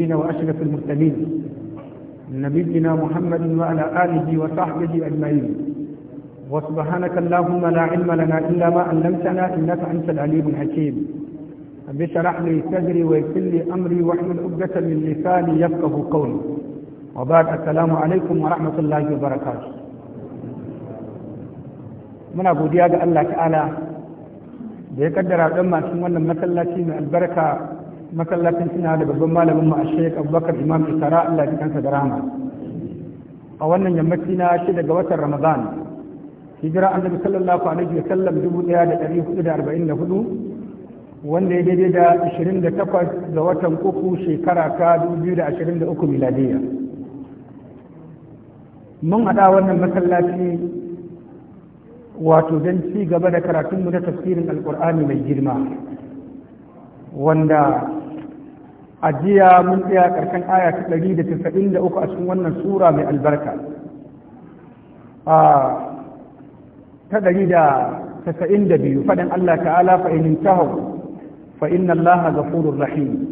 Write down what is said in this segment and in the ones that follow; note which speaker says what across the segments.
Speaker 1: المرسلين وأشرف المرسلين نبينا محمد وعلى آله وصحبه أجمعين وسبحانك اللهم لا علم لنا إلا ما علمتنا إنك أنت العليم الحكيم رب اشرح لي صدري ويسر لي أمري واحلل عقدة من لساني يفقه قولي وبعد السلام عليكم ورحمة الله وبركاته muna godiya ga Allah ta'ala da ya kaddara don masu wannan masallaci mai albarka masallacin suna da babban malamin mu a Sheikh Abubakar Imam Isara Allah ya kansa da rahama a wannan yammaci na shi daga watan Ramadan hijira annabi sallallahu alaihi wa sallam 1444 wanda ya daidai da 28 ga watan uku shekara ta 2023 miladiya mun hada wannan masallaci wato don ci gaba da karatunmu na tafsirin Alƙur'ani mai girma wanda Ajiya mun tsaya ƙarshen aya ta ɗari da tasa'in da uku a cikin wannan sura mai albarka ta ɗari da tasa'in da biyu faɗin Allah ta'ala fa'inin tahau fa'in Allah gafurur rahim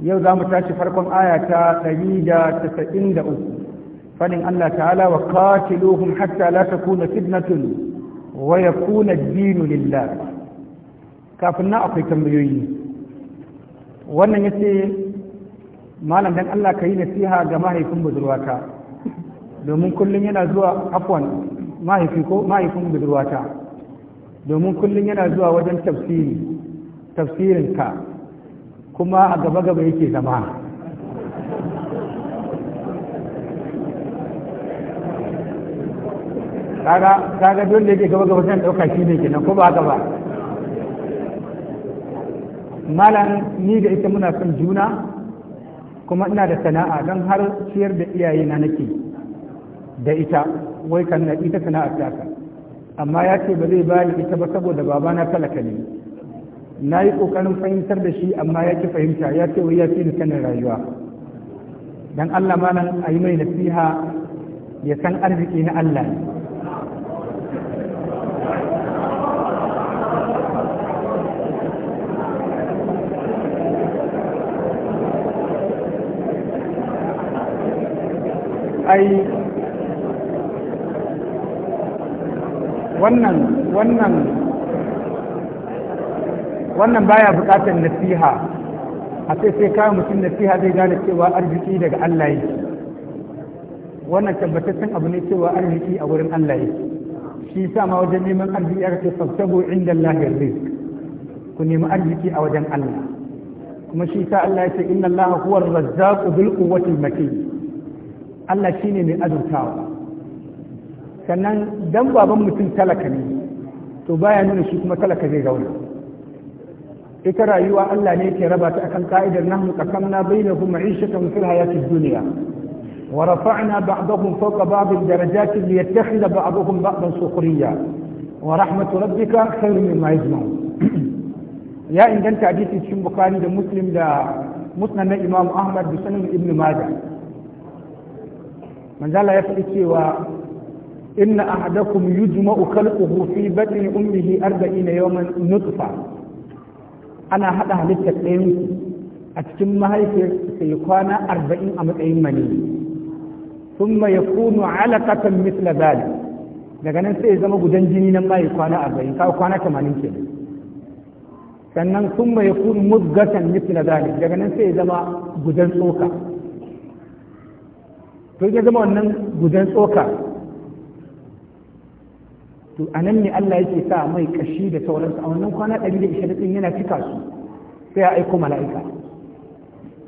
Speaker 1: yau za mu tashi farkon aya ta ɗari da tasa'in da uku faɗin Allah ta'ala wa qatiluhum hatta la takuna fitnatun wa yakuna ad-dinu lillah kafin na akwai tambayoyi wannan ya ce malam dan Allah ka yi nasiha ga mahaifin budurwata domin kullum yana zuwa afwan mahaifi ko mahaifin budurwata domin kullum yana zuwa wajen tafsiri ka kuma a gaba-gaba yake zama kaga dole yake gaba-gaba sai ɗauka shi ne kenan ko ba gaba malam ni da ita muna son juna kuma ina da sana'a don har ciyar da iyaye na nake da ita wai kan na ita sana'a ta amma ya ce ba zai ba ni ita ba saboda babana talaka ne na yi ƙoƙarin fahimtar da shi amma ya ki fahimta ya ce wai ya fi ni sanin rayuwa dan Allah malam a yi mai nasiha ya san arziki na Allah ne ai wannan wannan wannan baya bukatar nasiha a sai sai kawo mutum nasiha zai gane cewa arziki daga Allah yake wannan tabbataccen abu ne cewa arziki a wurin Allah yake shi sa ma wajen neman arziki aka ce fabtabu inda Allah rizq ku nemi arziki a wajen Allah kuma shi sa Allah ya ce inna Allah huwa razzaqu bil quwwati matin Allah shi ne mai azurtawa sannan dan baban mutum talaka ne to baya nuna shi kuma talaka zai zauna ita rayuwa Allah ne ke raba ta akan ka'idar nahnu qasamna bainahum ma'ishatan fil hayatid dunya wa rafa'na ba'dahum fawqa ba'd darajat liyattakhidha ba'dahum ba'dan sukhriya wa rahmatu rabbika khayrun mimma yajma'un ya inganta hadisi cikin bukhari da muslim da musnad imam ahmad da sunan ibn majah manzala ya faɗi cewa inna ahadakum yujma'u khalquhu fi batni ummihi 40 yawman nutfa ana hada halittar ɗayan a cikin mahaifiyar sai kwana 40 a matsayin maniyyi thumma yakunu 'alaqatan mithla dhalik daga nan sai ya zama gudan jini nan mai kwana 40 ka kwana 80 kenan sannan thumma yakunu mudghatan mithla dhalik daga nan sai ya zama gudan tsoka to ya zama wannan gudan tsoka to a nan ne Allah yake sa mai kashi da sauransu a wannan kwana 120 din yana cika su sai ya aiko mala'ika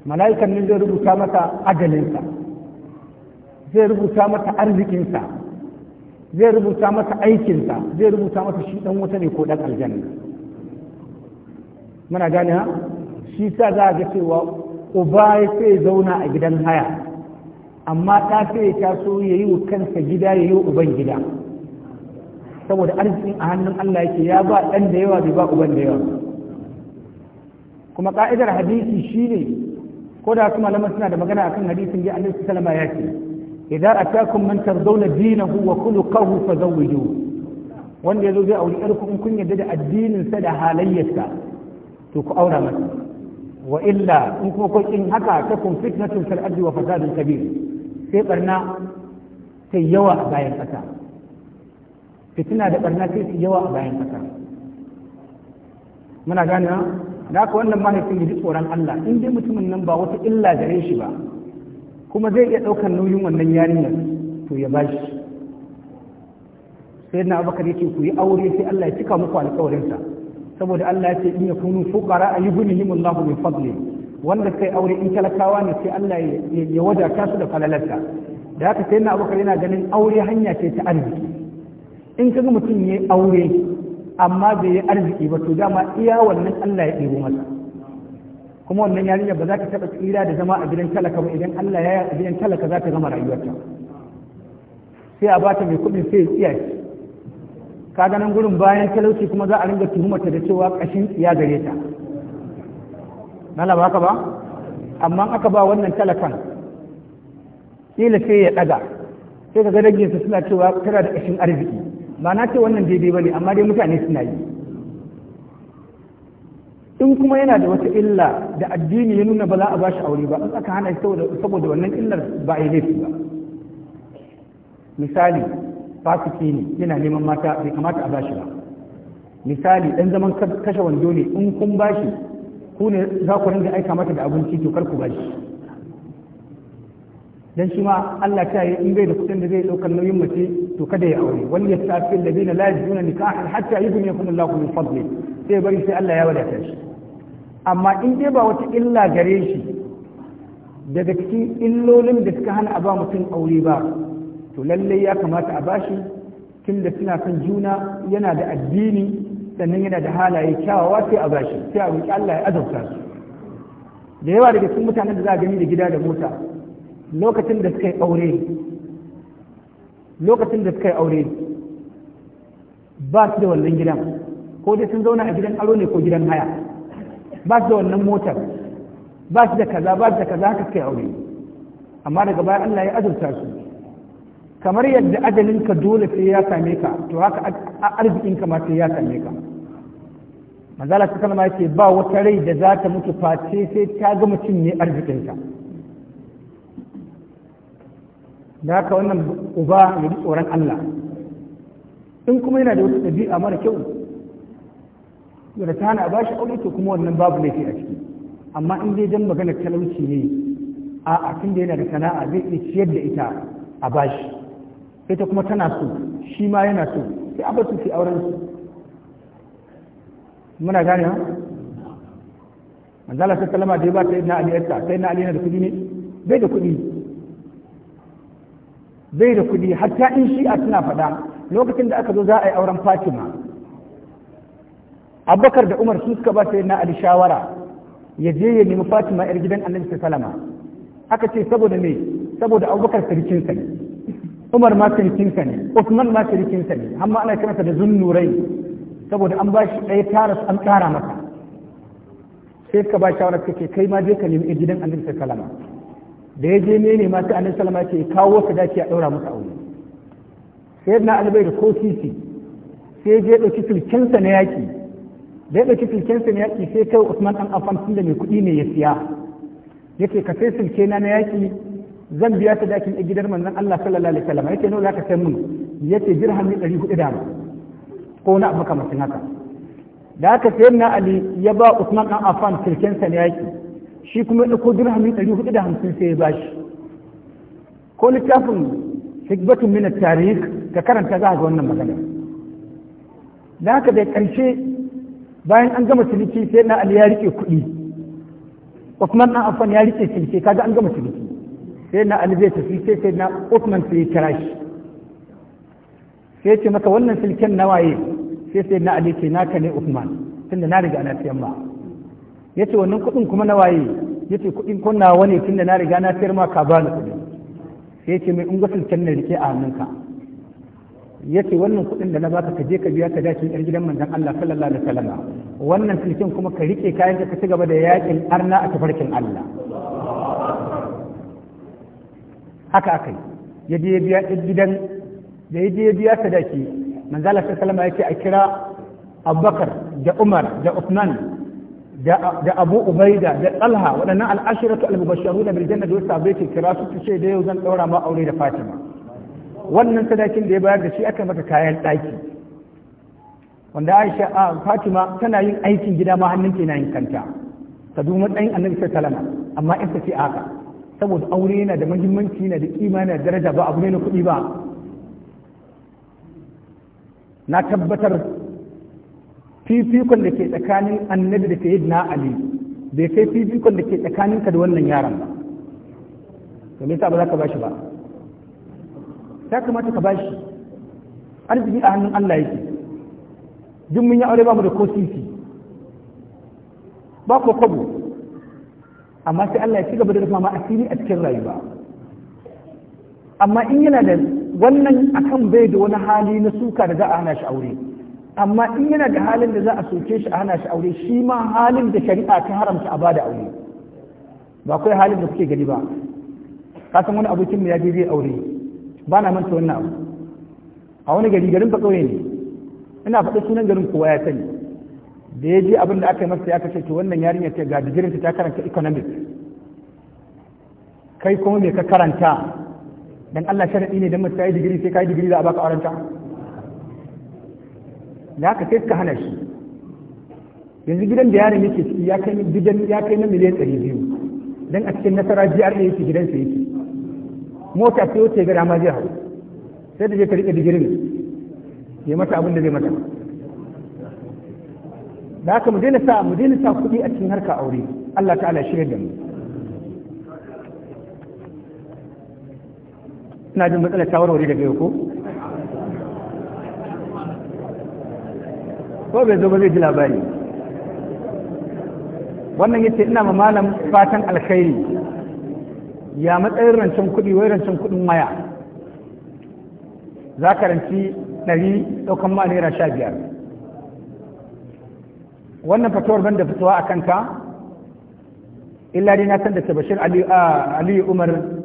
Speaker 1: mala'ikan nan zai rubuta masa adalinsa zai rubuta masa arzikinsa zai rubuta masa aikinsa zai rubuta masa shi dan wuta ne ko dan aljanna muna gane ha shi sa za ga cewa uba sai zauna a gidan haya amma ta sai ya taso ya yi wa kansa gida ya yi uban gida saboda arzikin a hannun Allah yake ya ba ɗan da yawa bai ba uban da yawa kuma ka'idar hadisi shine ko da su malamai suna da magana akan hadisin ya annabi sallama ya ce idan atakum man tardawna dinahu wa khuluquhu fazawwijuhu wanda yazo zai auri yarku in kun yarda da addinin sa da halayyarsa to ku aura masa wa illa in kuma kun haka ta kun fitnatun fil ardi wa fasadun kabir sai barna ta yawa a bayan ƙasa fitina da barna sai su yawa a bayan ƙasa muna gane da aka wannan mahaifin ya ji tsoron Allah in dai mutumin nan ba wata illa gare shi ba kuma zai iya ɗaukar nauyin wannan yarinyar to ya ba shi sai na abakar yake ku yi aure sai Allah ya cika muku alƙawarinsa saboda Allah ya ce in yakunu fuqara ayyuhumullahu mai fadlihi wanda kai aure in talakawa ne sai Allah ya wadata su da falalarsa da haka sai na abokan yana ganin aure hanya ce ta arziki in kaga mutum ya aure amma bai yi arziki ba to dama iya wannan Allah ya ɗebo masa kuma wannan yarinya ba za ka taɓa tsira da zama a gidan talaka ba idan Allah ya a gidan talaka za ta gama rayuwarta sai a bata mai kuɗin sai ya ka ganin gurin bayan talauci kuma za a ringa tuhumarta da cewa ƙashin tsiya gare ta mala ba ka ba amma aka ba wannan talakan kila sai ya daga sai ka ga danginsa suna cewa tara da ƙashin arziki ba na ce wannan daidai ba ne amma dai mutane suna yi in kuma yana da wata illa da addini ya nuna ba za a ba shi aure ba in aka hana shi saboda wannan illar ba a yi laifi ba misali fasiki ne yana neman mata bai kamata a ba shi ba misali ɗan zaman kashe wando ne in kun ba shi ku ne za ku ringa aika mata da abinci to kar ku ba shi dan shi ma Allah ta yi in bai da kudin da zai daukar nauyin mace to kada ya aure wal yastafi alladhina la yajiduna nikahan hatta yughniyahum Allahu min fadli sai bari sai Allah ya wadata shi amma in dai ba wata illa gare shi daga cikin illolin da suka hana a ba mutum aure ba to lallai ya kamata a bashi tunda suna kan juna yana da addini sannan yana da halaye kyawawa sai a bashi sai a roƙi Allah ya azauta su da yawa daga cikin mutanen da za a gani da gida da mota lokacin da suka yi aure lokacin da suka yi aure ba su da wannan gidan ko dai sun zauna a gidan aro ne ko gidan haya ba su da wannan motar ba su da kaza ba su da kaza haka suka yi aure amma daga baya Allah ya azurta su kamar yadda ajalinka dole sai ya same ka to haka arzikinka ma sai ya same ka manzala ta kalma yake ba wata rai da za ta mutu face sai ta ga mutum ne arzikinta da haka wannan uba ya ji tsoron Allah in kuma yana da wata ɗabi'a mara kyau da ta hana a bashi aure to kuma wannan babu laifi a ciki amma in dai dan magana talauci ne a a da yana da sana'a zai iya ciyar da ita a bashi ita kuma tana so shi ma yana so sai a basu sai auren su muna gane ha manzala sai kalama da ya ba ta na aliyarsa sai na aliyar da kudi ne bai da kudi bai da kudi ta in shi a suna faɗa lokacin da aka zo za a yi auren fatima abubakar da umar sun suka ba sai na ali shawara ya je ya nemi fatima yar gidan annabi sallama aka ce saboda me saboda abubakar sarkinsa ne umar ma sarkinsa ne usman ma sarkinsa ne amma ana kiransa da zunnurai saboda an ba shi ɗaya taras an ƙara masa sai ka ba shawarar kake kai ma je ka nemi gidan annabi sallama da ya je ne ma sai annabi sallama ke kawo ka dace a ɗaura masa aure sai na albai da ko sisi sai je ɗauki sulkensa na yaki da ya ɗauki sa na yaki sai kai usman ɗan afan tun da mai kuɗi ne ya siya yake ka sai sulke na na yaƙi zan biya ta dakin a gidan manzon Allah sallallahu alaihi wasallam yake nawa zaka sai mun yace dirhami 400 da ko wani abu makamacin haka da haka sayan na ali ya ba usman dan affan sa ne yaki shi kuma ya ɗauko dirhami ɗari hudu da hamsin sai ya ba shi ko littafin hikbatun min tarihi ka karanta za a ga wannan magana da haka da ƙarshe bayan an gama ciniki sai na ali ya rike kuɗi usman dan afan ya rike ciniki kaga an gama ciniki sai na ali zai tafi sai sai na usman sai ya kira shi sai ce maka wannan silken nawaye sai sai na ali ce naka ne Uthman tunda na riga na siyan ma yace wannan kuɗin kuma na waye yace kuɗin kun nawa ne tunda na riga na siyar ma ka ba ni kuɗin sai yace mai ungwatin can na rike a hannunka yace wannan kuɗin da na baka ka je ka biya ka dace ɗan gidan manzon Allah sallallahu alaihi wasallam wannan cikin kuma ka rike kayan ka ci gaba da yakin arna a tafarkin Allah haka akai ya je biya gidan da ya je biya sadaki manzala ta salama ya ce a kira abubakar da umar da usman da abu ubaida da talha waɗannan al'ashiratu al-mubashsharu da biljanna da wasu abai kira su ce da yau zan ɗaura ma aure da fatima wannan sadakin da ya bayar da shi aka mata kayan ɗaki wanda aisha a fatima tana yin aikin gida ma hannun na yin kanta ta duba ɗayin annabi sai salama amma in ta ce haka saboda aure yana da mahimmanci na da kima yana daraja ba abu ne na kuɗi ba na tabbatar fifikon da ke tsakanin annabi da na ali bai kai fifikon da ke tsakaninka da wannan yaron ba to me ba za ka bashi ba ta kamata ka bashi arziki a hannun Allah yake duk mun yi aure ba mu da ko sisi ba ko kwabo amma sai Allah ya ci gaba da rufa ma asiri a cikin rayuwa amma in yana da wannan akan bai da wani hali na suka da za a hana shi aure amma in yana da halin da za a soke shi a hana shi aure shi ma halin da shari'a ta haramta a bada aure ba kai halin da kuke gani ba ka san wani abokin mu ya je zai aure ba na manta wannan abu a wani gari garin bakauye ne ina faɗa sunan garin kowa ya sani da ya je abin da aka yi masa ya kashe to wannan yarinyar ta ga jirinta ta karanta economics kai kuma me ka karanta dan Allah sharadi ne dan mace yi digiri sai ka yi digiri za a baka auren ta da ka sai suka hana shi yanzu gidan da yaron yake ciki ya kai gidan ya kai na miliyan 200 dan a cikin nasara GRA yake gidan sa yake mota sai wuce ga dama zai hau sai da je ka rike digirin ya mata abin da zai mata da ka mu daina sa mu daina sa kuɗi a cikin harka aure Allah ta'ala shirya da mu ina jin matsalar shawarwari daga yau ko ko bai zo ba zai ji labari wannan yace ina ma malam fatan alkhairi ya matsayin rancen kuɗi wai rancen kuɗin maya za ka ranci ɗari ɗaukan ma naira sha biyar wannan fatowar ban da fitowa a kanka illa dai na san da bashir aliyu umar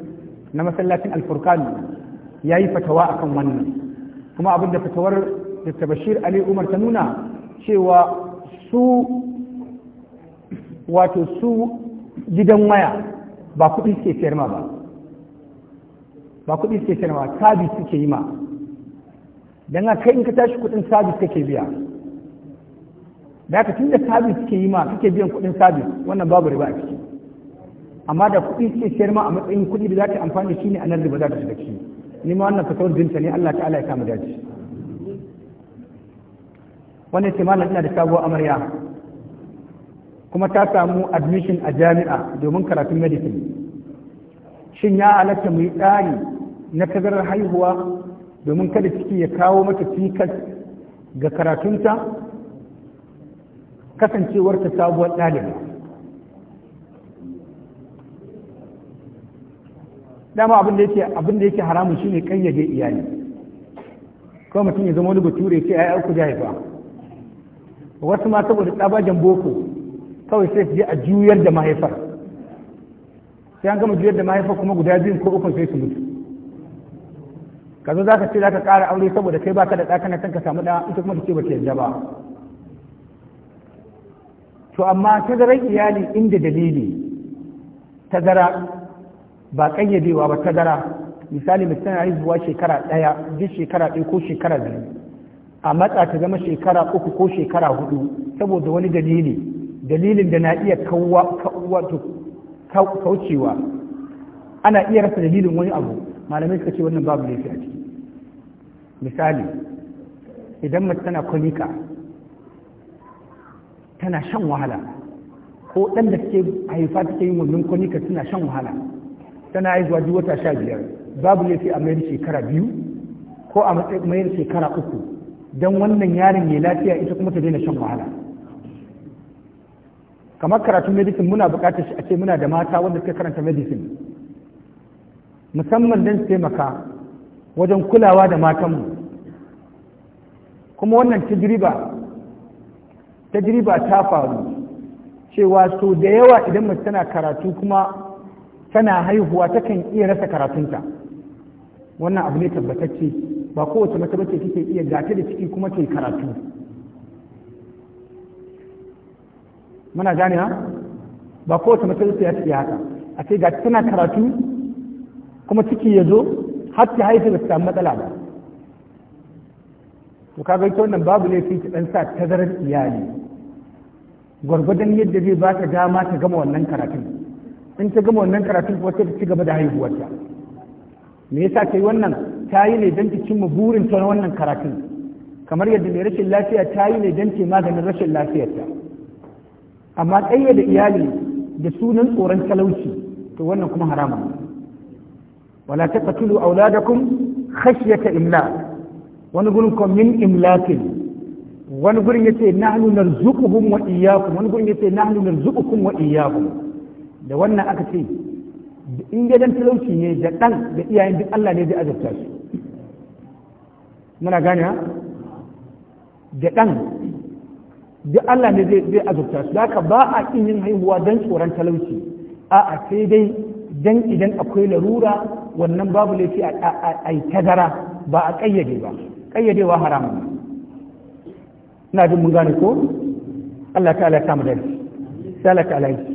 Speaker 1: na masallacin alfurkan ya yi fatawa akan wannan kuma abin da fatawar dr bashir ali umar ta nuna cewa su wato su gidan waya ba kuɗi suke siyar ma ba ba kuɗi suke siyar ma sabis suke yi ma don kai in ka tashi kuɗin sabis kake biya da ka tun da sabis suke yi ma kake biyan kuɗin sabis wannan babu riba a ciki amma da kuɗi ce siyar ma a matsayin kuɗi da za ta amfani shi ne a nan riba za ta shiga ciki ni ma wannan fasawar dinta ne Allah ta'ala ya kama daji wannan ce malam ina da sabuwar amarya kuma ta samu admission a jami'a domin karatun medicine shin ya alaka mu yi tsari na tazarar haihuwa domin kada ciki ya kawo mata cikas ga karatunta kasancewarta sabuwar ɗalibi dama abin da yake abin da yake haramun shine kayyade iyali ko mutum ya zama wani bature ce ai ku haifa wasu ma saboda tsabagen boko kawai sai su je a juyar da mahaifar sai an gama juyar da mahaifar kuma guda biyun ko ukun sai su mutu ka zo zaka ce zaka ƙara aure saboda kai baka da ɗa kana ka samu ɗa ita kuma ta ce ba ta yarda ba to amma tazarar iyali inda dalili tazara ba ƙayyadewa ba tazara misali mutum yana zuwa shekara ɗaya duk shekara ɗaya ko shekara biyu a matsa ta zama shekara uku ko shekara hudu saboda wani dalili dalilin da na iya kaucewa ana iya rasa dalilin wani abu malamai suka ce wannan babu laifi a ciki misali idan mace tana kwanika tana shan wahala ko ɗan da suke haifa take yin wannan kwanika tana shan wahala tana yi duk wata sha biyar babu laifi a mayar shekara biyu ko a mayar shekara uku don wannan yarin mai lafiya ita kuma ta daina shan wahala kamar karatu medicine muna bukatar shi a ce muna da mata wanda suka karanta medicine musamman don taimaka wajen kulawa da matanmu kuma wannan tajriba tajriba ta faru cewa so da yawa idan mace tana karatu kuma tana haihuwa takan iya rasa karatunta wannan abu ne tabbatacce ba kowace mace bace kike iya gata da ciki kuma ke karatu muna gane ba kowace mace bace ya haka a ce gata tana karatu kuma ciki ya zo har ta haifi ba ta samu matsala ba to kaga ita wannan babu laifi ta dan sa tazarar iyali gwargwadon yadda zai ba ta dama ta gama wannan karatun in ta gama wannan karatun kuma sai ta ci gaba da haihuwarta me yasa ta yi wannan ta yi ne don ta cimma burin ta na wannan karatun kamar yadda mai rashin lafiya ta yi ne don ta maganin rashin lafiyarta amma da iyali da sunan tsoron talauci to wannan kuma haramun wala taqtulu auladakum khashyata imlaq wani gurin ko min imlaqin wani gurin yace nahnu narzuquhum wa iyyakum wani gurin yace nahnu narzuqukum wa iyyakum da wannan aka ce in gidan talauci ne da ɗan da iyayen duk Allah ne zai azabta su muna gane ha da ɗan duk Allah ne zai azabta su haka ba a kin yin haihuwa don tsoron talauci a'a sai dai dan idan akwai larura wannan babu laifi a yi tazara ba a ƙayyade ba ƙayyadewa haramun ina jin mun gane ko Allah ta'ala ta mu dalci salaka alaihi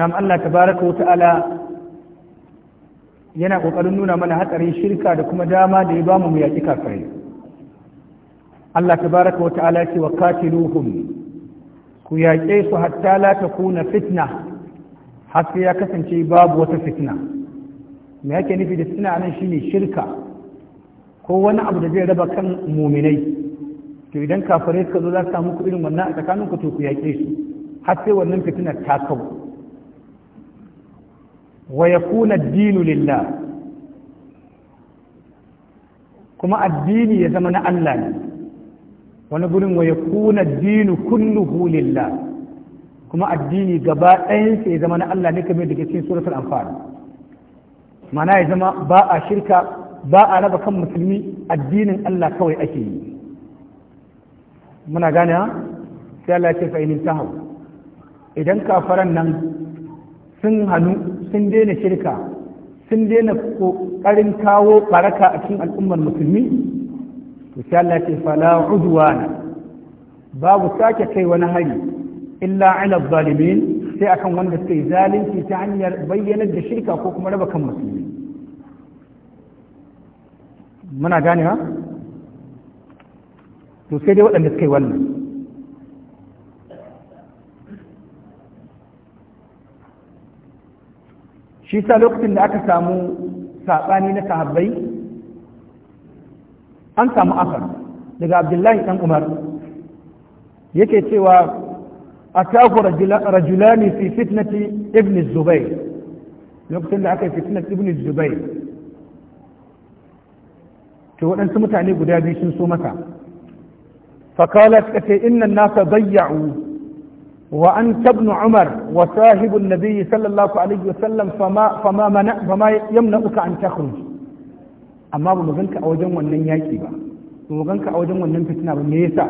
Speaker 2: nam Allah tabaraka wa ta'ala
Speaker 1: yana kokarin nuna mana hatsarin shirka da kuma dama da ya bamu mu yaki kafirai Allah tabaraka wa ta'ala ce wa qatiluhum ku yaƙe su hatta la takuna fitna har sai ya kasance babu wata fitna me yake nufi da fitna nan shine shirka ko wani abu da zai raba kan muminai to idan kafirai suka zo za su samu ku irin wannan a ku to ku yaƙe su har sai wannan fitinar ta kawo wa yakuna ad-dinu lillah kuma addini ya zama na Allah ne wani gurin wa yakuna ad-dinu kulluhu lillah kuma addini gaba ɗayan sai ya zama na Allah ne kamar da ke cikin suratul amfani mana ya zama ba a shirka ba a raba kan musulmi addinin Allah kawai ake yi muna gane ha sai Allah ya ce fa in idan kafaran nan sun hannu sun daina shirka sun daina ƙoƙarin kawo baraka a cikin al'ummar musulmi to sai Allah ce fala udwana babu sake kai wani hari illa ala zalimin sai akan wanda suka yi zalunci ta hanyar bayyanar da shirka ko kuma raba kan musulmi muna gane ha to sai dai waɗanda suka yi wannan shi sa lokacin da aka samu saɓani na sahabbai an samu asar daga abdullahi ɗan umar yake cewa a taku rajulani fi fitnati ibn zubai lokacin da aka yi fitnat ibn zubai to waɗansu mutane guda biyu sun so masa fakalar kace innan nasa bayya'u وأنت ابن عمر وصاحب النبي صلى الله عليه وسلم فما, فما, منع فما يمنعك أن تخرج أما بمغنك أوجن ونن يكيبا بمغنك أوجن ونن فتنة وميسا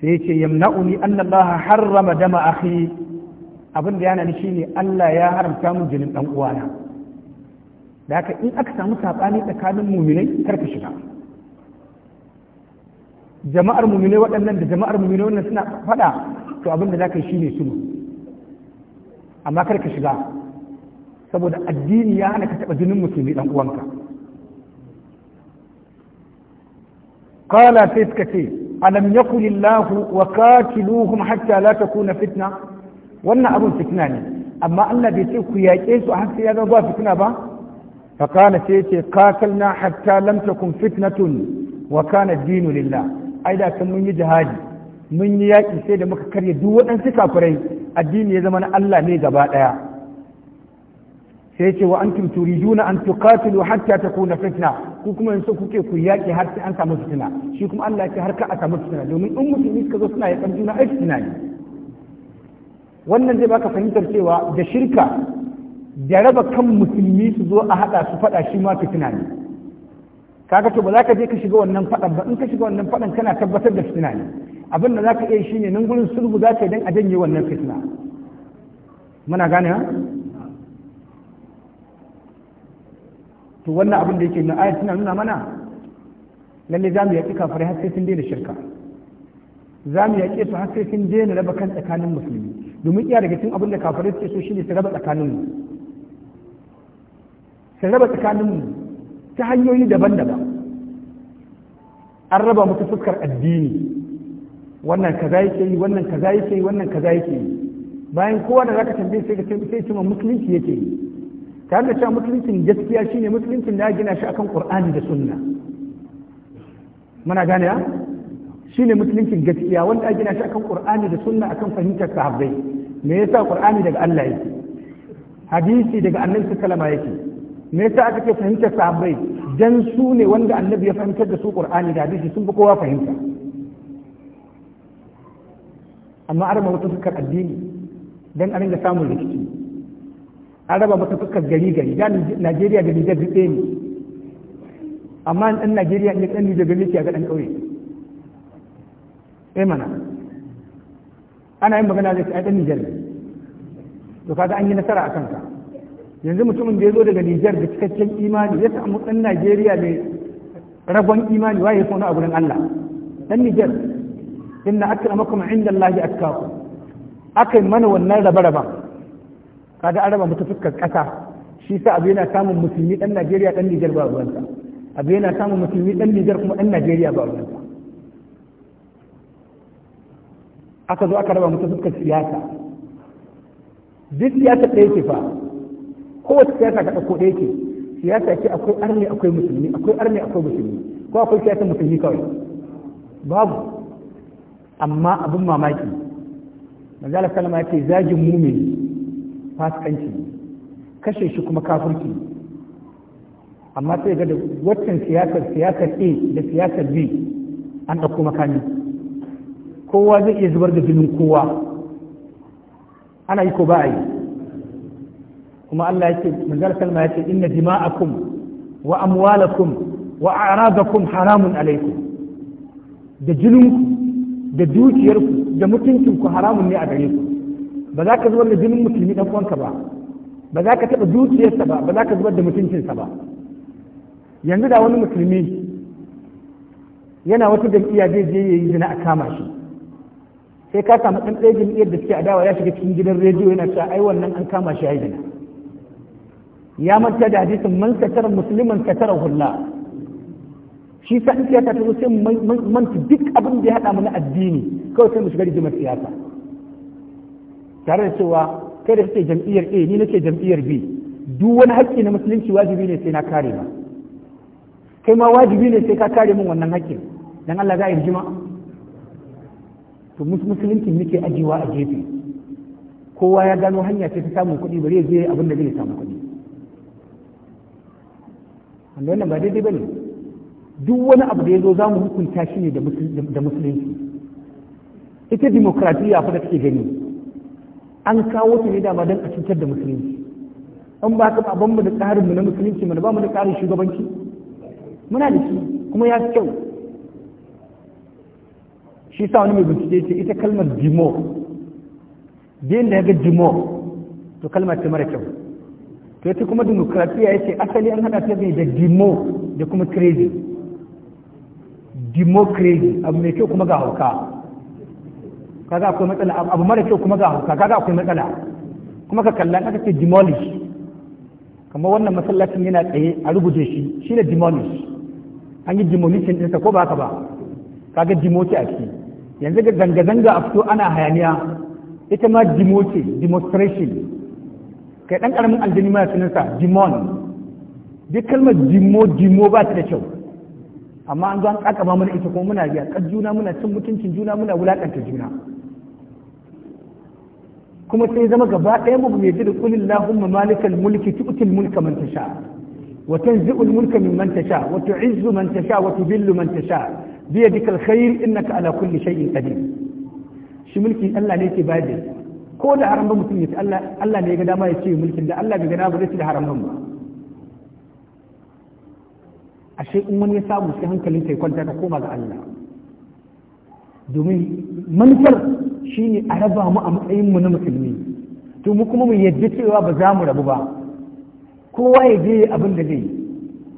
Speaker 1: سيتي يمنعني أن الله حرم دم أخي abin da yana ni shine Allah ya haramta mu jinin dan uwana da haka in aka samu sabani tsakanin muminai kar ka shiga jama'ar waɗannan da jama'ar muminai suna faɗa to abin da za ka yi shine sulhu amma kar ka shiga saboda addini ya hana ka taɓa jinin musulmi ɗan uwanka kala sai suka ce alam yakun lahu wa qatiluhum hatta la takuna fitna wannan abun fitna ne amma Allah bai ce ku yaƙe su har sai ya zama ba fitna ba fa kana sai ce qatalna hatta lam takun fitnatun wa kana dinu lillah ai da kan mun yi jihadi mun yi yaƙi sai da muka karya duk waɗansu kafirai addini ya zama na Allah ne gaba ɗaya sai ce wa an tuturi juna an tuqatilu hatta takuna fitna ku kuma yanzu kuke ku yaƙi har sai an samu fitina shi kuma Allah ya ce har ka a samu fitina domin in musulmi suka zo suna yaƙar juna ai fitina ne wannan zai baka fahimtar cewa da shirka da raba kan musulmi su zo a haɗa su faɗa shi ma fitina ne kaga to ba za ka je ka shiga wannan faɗan ba in ka shiga wannan faɗan kana tabbatar da fitina ne abin da za ka iya shine nan gurin sulhu za ka yi don a janye wannan fitna muna gane to wannan abin da yake na ayat suna nuna mana lalle za mu yaƙi kafirai har sai sun daina shirka za mu yaƙi su har sai sun daina raba kan tsakanin musulmi domin iya daga cikin abin da kafirai suke so shine su raba tsakanin mu su raba tsakanin mu ta hanyoyi daban-daban an raba mutu fuskar addini wannan kaza yake yi wannan kaza yake yi wannan kaza yake yi bayan kowa da zaka tambaye sai ka sai ce musulunci yake yi tare da cewa musuluncin gaskiya shine musuluncin da ya gina shi akan qur'ani da sunna muna gane ya shine musuluncin gaskiya wanda ya gina shi akan qur'ani da sunna akan fahimtar sahabbai me yasa qur'ani daga Allah yake hadisi daga annabi sallama yake me yasa aka ce fahimtar sahabbai dan su ne wanda annabi ya fahimtar da su qur'ani da hadisi sun fi kowa fahimta amma an raba mata fuskar addini don a ringa samun rikici an raba mata fuskar gari gari da najeriya da nijar duk ne amma ɗan najeriya ne ɗan nijar gari ke a ɗan ƙauye eh mana ana yin magana da shi a ɗan nijar to kaga an yi nasara a kanka yanzu mutumin da ya zo daga nijar da cikakken imani ya samu ɗan najeriya mai ragon imani waye ya fauna a gurin allah ɗan nijar inna akramakum inda Allah ya atkaku akai mana wannan raba-raba kaga araba raba mu fuskar kasa shi sa abu yana samun musulmi dan Najeriya dan Niger ba ruwansa abu yana samun musulmi dan Niger kuma dan Najeriya ba ruwansa aka zo aka raba mutu fuskar siyasa duk siyasa ɗaya ce fa kowace siyasa ka dauko ɗaya ce siyasa ce akwai arne akwai musulmi akwai arne akwai musulmi ko akwai siyasa musulmi kawai babu amma abin mamaki manzala kalama ya ce zagin mumini fasikanci kashe shi kuma kafirci amma sai ga da waccan siyasar siyasar a da siyasar b an ɗauko makami kowa zai iya zubar da jinin kowa ana yi ko ba a yi kuma Allah ya ce manzala kalama ya ce inna dima'akum wa amwalakum wa a'radakum haramun alaikum da ku. da dukiyarku da mutuncinku haramun ne a gare ku ba za ka zubar da jinin musulmi ɗan uwanka ba ba za ka taɓa dukiyarsa ba ba za ka zubar da mutuncinsa ba yanzu da wani musulmi yana wata jam'iyya zai je ya yi zina a kama shi sai ka samu ɗan ɗaya jam'iyyar da suke adawa ya shiga cikin gidan rediyo yana cewa ai wannan an kama shi ya zina ya manta da hadisin man satara musliman satara hulla shi sa in siyasa ta zo sai manta duk abin da ya haɗa mana addini kawai sai mu shiga rigimar siyasa tare da cewa kai da kake jam'iyyar A ni nake jam'iyyar B duk wani haƙƙi na musulunci wajibi ne sai na kare ma kai ma wajibi ne sai ka kare min wannan haƙƙin dan Allah za a yi rigima to musulunci muke ajiwa a gefe kowa ya gano hanya ce ta samun kuɗi bari ya abin da zai samu kuɗi wannan ba daidai ba ne duk wani abu da ya zo za mu hukunta shi ne da musulunci ita demokradiyya fa da take gani an kawo ta ne dama don a cutar da musulunci an ba ka baban mu da tsarin mu na musulunci mana ba mu da tsarin shugabanci muna da shi kuma ya kyau shi sa wani mai bincike ce ita kalmar dimo din da ya ga dimo to kalmar ce mara kyau to ita kuma demokradiyya ya ce asali an hada ta ne da dimo da kuma crazy democracy abu mai kyau kuma ga hauka kaga akwai matsala abu mara kyau kuma ga hauka kaga akwai matsala kuma ka kalla aka ce demolish kamar wannan masallacin yana tsaye a rubuce shi shine demolish an yi demolition ɗinsa ko ba haka ba kaga demote a ciki yanzu ga zanga-zanga a fito ana hayaniya ita ma demote demonstration kai ɗan ƙaramin aljini ma sunansa demon duk kalmar dimo dimo ba ta da kyau amma an zo an kakaba mana ita kuma muna biya kar juna muna cin mutuncin juna muna wulakanta juna kuma sai zama gaba ɗaya mu bai da kulin lahumma malikal mulki tu'til mulka man tasha wa tanzi'ul mulka mimman tasha wa tu'izzu man tasha wa tudhillu man tasha bi yadikal khair innaka ala kulli shay'in qadir shi mulki Allah ne yake bada ko da haram ba mutum ya Allah Allah ne ya ga dama ya ce mulkin da Allah bai ga dama ba zai ci da haram mu. ashe in wani ya samu sai hankalin ta kwanta ka koma ga Allah domin manufar shine a raba mu a matsayin mu na musulmi to mu kuma mu yadda cewa ba za mu rabu ba kowa ya je abin da zai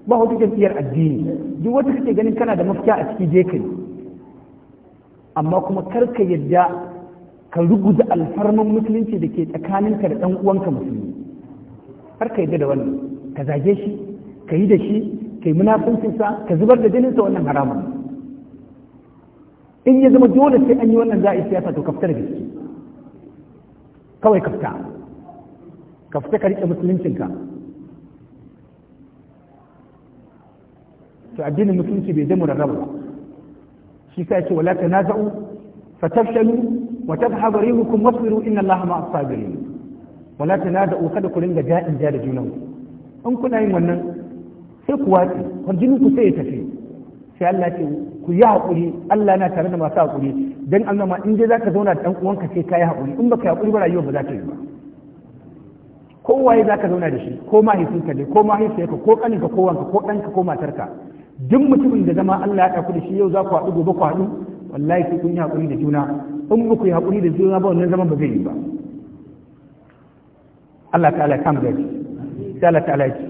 Speaker 1: ba wata jam'iyyar addini duk wata kake ganin kana da mafita a ciki je kai amma kuma kar ka yadda ka ruguza alfarman musulunci da ke tsakaninka da ɗan uwanka musulmi kar ka yadda da wannan ka zage shi ka yi da shi kai munafincin ka zubar da jinin wannan haramun in ya zama dole sai an yi wannan za a yi siyasa to kafta da gaske kawai kafta kafta ka riƙe musuluncinka to addinin musulunci bai zama rarraba ba shi sa ce wala tanaza'u fatafshalu wa tadhhabu rihukum wasbiru inna allaha ma'as sabirin wala tanaza'u kada ku ringa da'in da junan in kuna yin wannan sai ku watsi farjinin ku sai ya tafi sai Allah ce ku yi haƙuri Allah na tare da masu haƙuri dan Allah ma in dai zaka zauna da dan uwanka sai ka yi haƙuri in baka yi haƙuri ba rayuwa ba za ta yi ba kowaye zaka zauna da shi ko mahaifinka ne ko mahaifiyarka ko kaninka ko wanka ko ɗanka ko matarka duk mutumin da zama Allah ya ɗauki da shi yau za ku haɗu gobe ku haɗu wallahi sai kun yi haƙuri da juna in ba ku yi haƙuri da juna ba wannan zaman ba zai yi ba Allah ta'ala ya kama gaji sai Allah ta'ala ya ce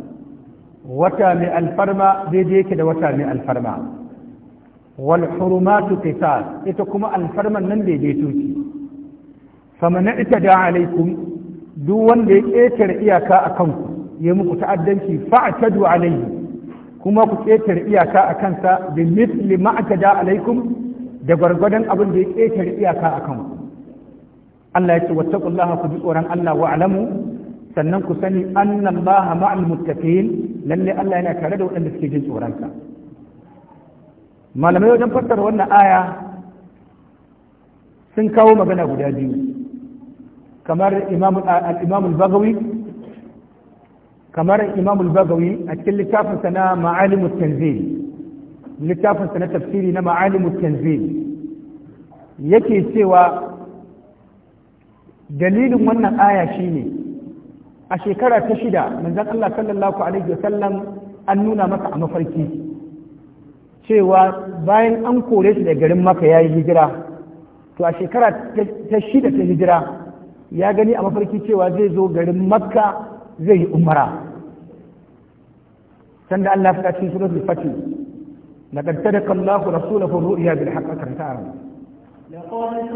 Speaker 1: wata mai alfarma daidai yake da wata mai alfarma wal hurumatu qisas ita kuma alfarman nan daidai ce faman itada alaikum duk wanda ya ƙetare iyaka a kanku ya muku ta'addanci fa'tadu alaihi kuma ku ƙetare iyaka a kansa bi misli ma'tada alaikum da gwargwadon abin da ya ƙetare iyaka a kanku Allah ya ce wattaqullaha ku bi tsoron Allah wa alamu sannan ku sani annallaha ma'al muttaqin lalle Allah yana tare da waɗanda suke jin tsoronsa malamai wajen fassara wannan aya sun kawo magana guda biyu kamar imamul ah, bagawi kamar bagawi a cikin littafinsa na ma'alimul tanzil littafinsa na tafsiri na ma'alimul tanzil yake cewa dalilin wannan aya shine a shekara ta shida manzan Allah sallallahu alaihi wasallam an nuna maka a mafarki cewa bayan an kore shi da garin maka ya yi hijira to a shekara ta shida ta hijira ya gani a mafarki cewa zai zo garin makka zai yi umara sanda Allah ya cikin suratul fati laqad sadaqa Allahu rasulahu ar-ru'ya bil haqq
Speaker 2: لقد صدق الله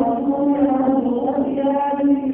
Speaker 2: رسوله الرؤيا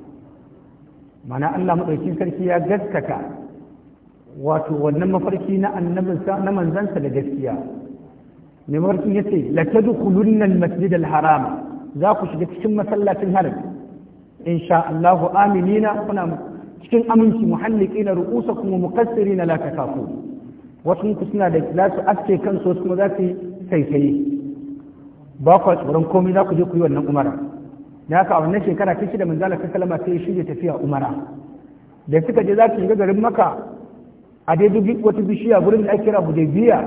Speaker 1: mana Allah madaukin sarki ya gaskata wato wannan mafarki na annabinsa na manzansa da gaskiya mai mafarkin ya ce la tadkhulunna al-masjid al-haram za ku shiga cikin masallacin haram insha Allahu aminina kuna cikin aminci muhalliqina ru'usakum wa muqassirina la takafu wasu ku suna da za su aske kansu wasu kuma za su yi saisaye ba ku tsoron komai za ku je ku yi wannan umara da haka a wannan shekara ta shida manzala ta salama sai shirya tafiya umara da suka je za su shiga garin maka a daidai wata bishiya gurin da ake kira hudaybiya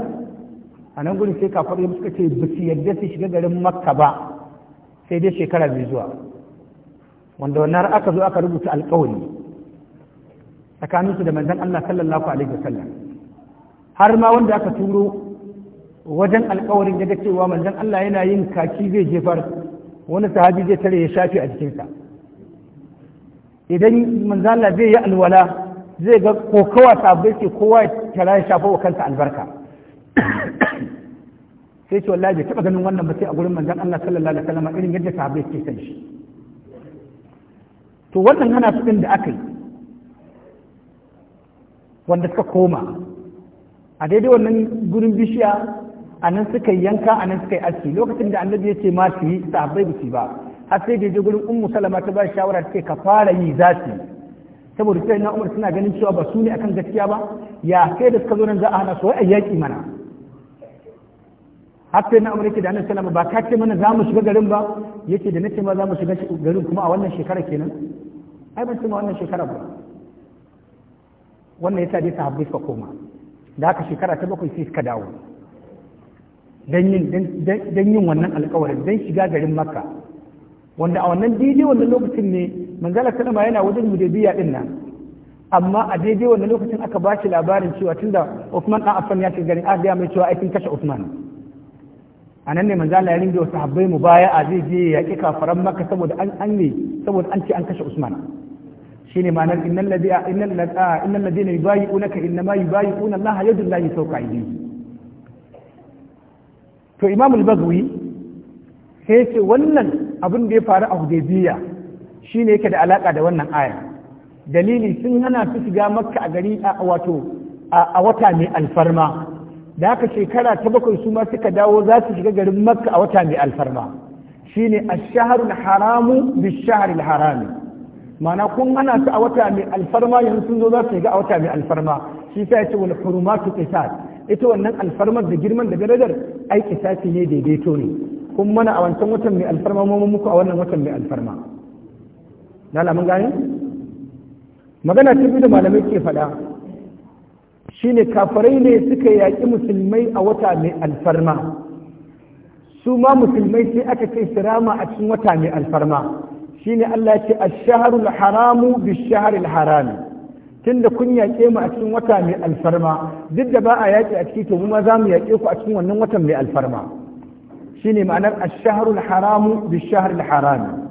Speaker 1: a nan gurin sai kafar yamma suka ce ba su yarda su shiga garin makka ba sai dai shekara mai zuwa wanda wannan har aka zo aka rubuta alkawari tsakaninsu da manzan Allah sallallahu alaihi wasallam har ma wanda aka turo wajen alkawarin daga cewa manzan Allah yana yin kaki zai jefar wani sahabi zai tare ya shafi a jikinsa idan manzala zai yi alwala zai ga kokawa sabbai ce kowa ya tara ya shafa wa kansa albarka sai ce wallahi bai taba ganin wannan ba sai a gurin manzan Allah sallallahu alaihi wasallam irin yadda sahabbai ke san shi to wannan hana su da aka yi wanda suka koma a daidai wannan gurin bishiya a nan suka yanka a nan suka yi aski lokacin da annabi ya ce ma su yi sahabbai su ba har sai da je gurin ummu salama ta ba shawara ta ka fara yi za su saboda sai na umar suna ganin cewa ba su ne akan gaskiya ba ya sai da suka zo nan za a hana su wai yaƙi mana har sai na umar yake da annabi salama ba ka ce mana za mu shiga garin ba yake da nace ma za mu shiga garin kuma a wannan shekara kenan ai ban ce ma wannan shekara ba wannan yasa dai sahabbai suka koma da haka shekara ta bakwai sai suka dawo don yin wannan alkawarin don shiga garin makka wanda a wannan daidai wannan lokacin ne manzala sallama yana wajen hudaybiya din nan amma a daidai wannan lokacin aka ba shi labarin cewa tunda Usman dan Affan ya shiga garin Ahdiya mai cewa aikin kashe Usman. a nan ne manzala ya ringe wasu habbai mu baya a zai je ya ƙi kafaran maka saboda an an ne saboda an ce an kashe Usman shine ma'anar innal ladina innal ladina yubayi'unaka innama yubayi'una Allah yadullahi fawqa yi. to imamul bagwi sai ce wannan abin da ya faru a hudaybiya shine yake da alaka da wannan aya dalili sun hana su shiga makka a gari a wato a wata mai alfarma da haka shekara ta bakwai su ma suka dawo za su shiga garin makka a wata mai alfarma shine ash-shahrul haramu bish-shahril harami ma'ana kun hana su a wata mai alfarma yanzu sun zo za su shiga a wata mai alfarma shi sai ya ce wal hurumatu qisas ita wannan alfarmar da girman da darajar aiki kisasi ne daidaito ne kun mana a wancan watan mai alfarma mu muku a wannan watan mai alfarma na mun gane magana ta biyu da malamai ke faɗa shine kafarai ne suka yaƙi musulmai a wata mai alfarma su ma musulmai sai aka kai sirama a cikin wata mai alfarma shine Allah ya ce ash-shahrul haramu bish-shahril harami tun da kun yaƙe mu a cikin wata mai alfarma duk da ba a yaƙi a ciki to mu ma za mu yaƙe ku a cikin wannan watan mai alfarma Shi ne ma'anar ash-shahrul haramu bish-shahril haram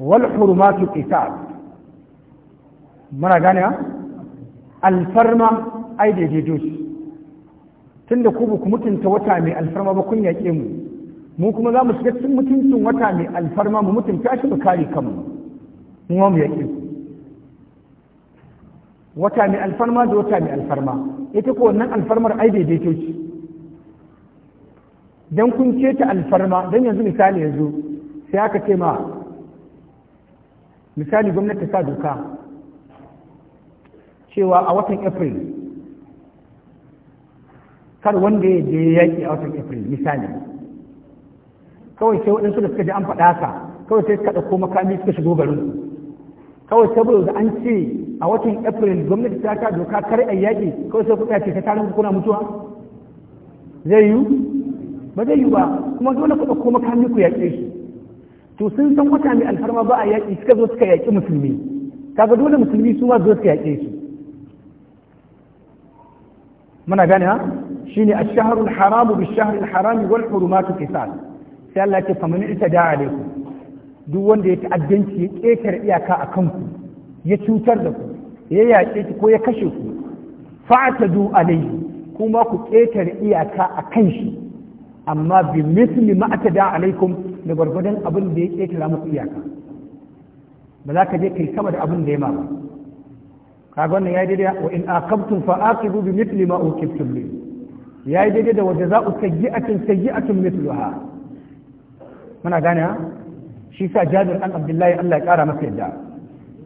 Speaker 1: wal hurumatu qital muna gane alfarma ai daidaito tun da ku ba ku mutunta wata mai alfarma ba kun yaƙe mu mu kuma za mu shiga cikin mutuncin wata mai alfarma mu mutunta shi mu kare kanmu mu ma mu yaƙe ku wata mai alfarma da wata mai alfarma ita ko wannan alfarmar ai daidaito ce dan kun ce ta alfarma dan yanzu misali yanzu sai aka ce ma misali gwamnati ta sa doka cewa a watan april kar wanda ya je yaƙi a watan april misali kawai sai waɗansu da suka je an faɗa ka kawai sai suka ɗauko makami suka shigo garin kawai saboda an ce a watan april gwamnati ta ka doka kar a yaki kawai sai kuɗa ce ta tarin kuna mutuwa zai yiwu ba zai yiwu ba kuma dole ku ko makami ku yaƙe shi to sun san wata mai alfarma ba a yaƙi suka zo suka yaƙi musulmi kaga dole musulmi su ma zo suka yaƙe su muna gane ha shine ash-shahru al-haramu bi-shahri al-harami wal hurumatu qisas sai Allah ya ce ita da alaikum duk wanda ya ta'addanci ya ƙetare iyaka a kanku ya cutar da ku ya yaƙe ki ko ya kashe ku fa'tadu alayhi kuma ku ƙetare iyaka a kan shi amma bi misli ma'atada alaikum da gwargwadon abin da ya ƙetara muku iyaka ba za ka je kai sama da abin da ya ma ba kaga wannan yayi daidai wa in aqabtum fa aqibu bi misli ma uqibtum bi yayi daidai da wanda za ku sayyi'atin sayyi'atun mithluha muna gane ha shi sa Jabir an Abdullahi Allah ya kara masa yadda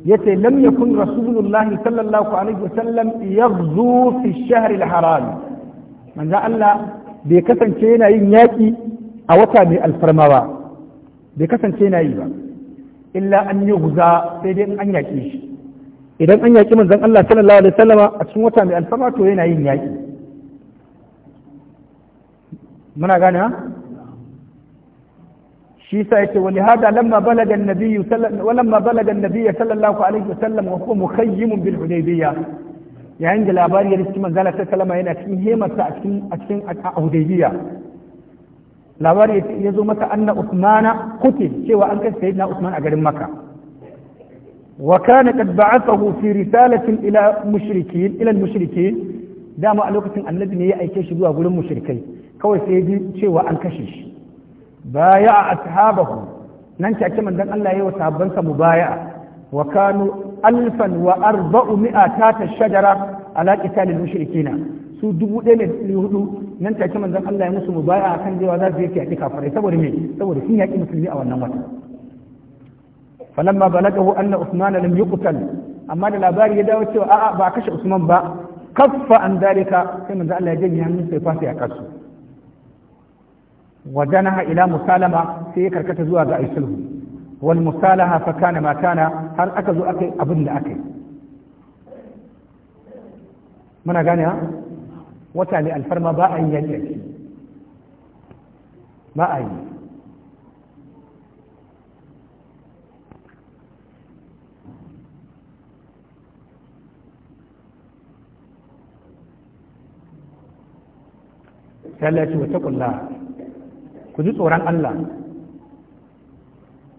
Speaker 1: yace lam yakun rasulullah sallallahu alaihi wasallam yaghzu fi shahr al-haram manzo Allah bai kasance yana yin yaki a wata mai alfarma ba bai kasance yana yi ba illa an yughza sai dai an yaki shi idan an yaki manzon Allah sallallahu alaihi wasallama a cikin wata mai alfarma to yana yin yaki muna gane ha shi sa yace wani hada lamma balaga annabi sallallahu walamma balaga annabi sallallahu alaihi wa wasallam wa huwa mukhayyim bil hudaybiyya yayin da labari ya riski manzala ta kalama yana cikin hemarsa a cikin a cikin hudaybiyya labari ya zo masa anna usmana kutil cewa an kai sayyidina usman a garin makka وكان قد بعثه في رسالة إلى مشركين إلى المشركين دام ألوكة النبي يا أيكيش دوا أقول مشركين كوي cewa an kashe shi. baya ashabahu nan take manzon Allah yi wa sahabbansa mubaya'a wa kanu alfan wa arba'u mi'ata ta shajara su dubu ɗaya ne hudu nan take manzon Allah ya musu mubaya kan cewa za su yake yaƙi kafirai saboda me saboda sun yaƙi musulmi a wannan wata falamma balagahu anna usman lam yuqtal amma da labari ya dawo cewa a'a ba kashe usman ba kaffa an dalika sai manzon Allah ya janye hannun sai fasa ya kasu وجنح إلى مسالمة في كركت زواج عيسلم والمسالها فكان ما كان هل أكل أكل أبن أكل من أغانيها وتالي الفرما باع يلي ما أي ثلاثة وتقول الله ku ji tsoron Allah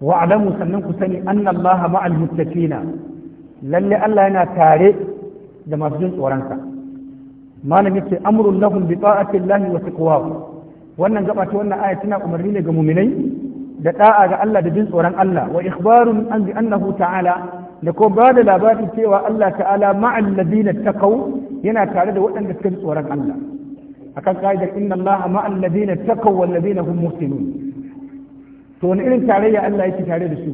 Speaker 1: wa alamu sannan ku sani anna Allah ma'al muttaqina lalle Allah yana tare da masu jin tsoron sa malam yace amrun lahum bi ta'ati Allah wa taqwahu wannan gaba ta wannan aya tana umarni ne ga mu'minai da da'a ga Allah da jin tsoron Allah wa ikhbarun an bi annahu ta'ala da ko ba da labarin cewa Allah ta'ala ma'al ladina taqaw yana tare da waɗanda suka ji tsoron Allah akan ka'idar inna allaha ma'al ladina taqaw wal ladina hum muhsinun to wani irin tarayya Allah yake tare da su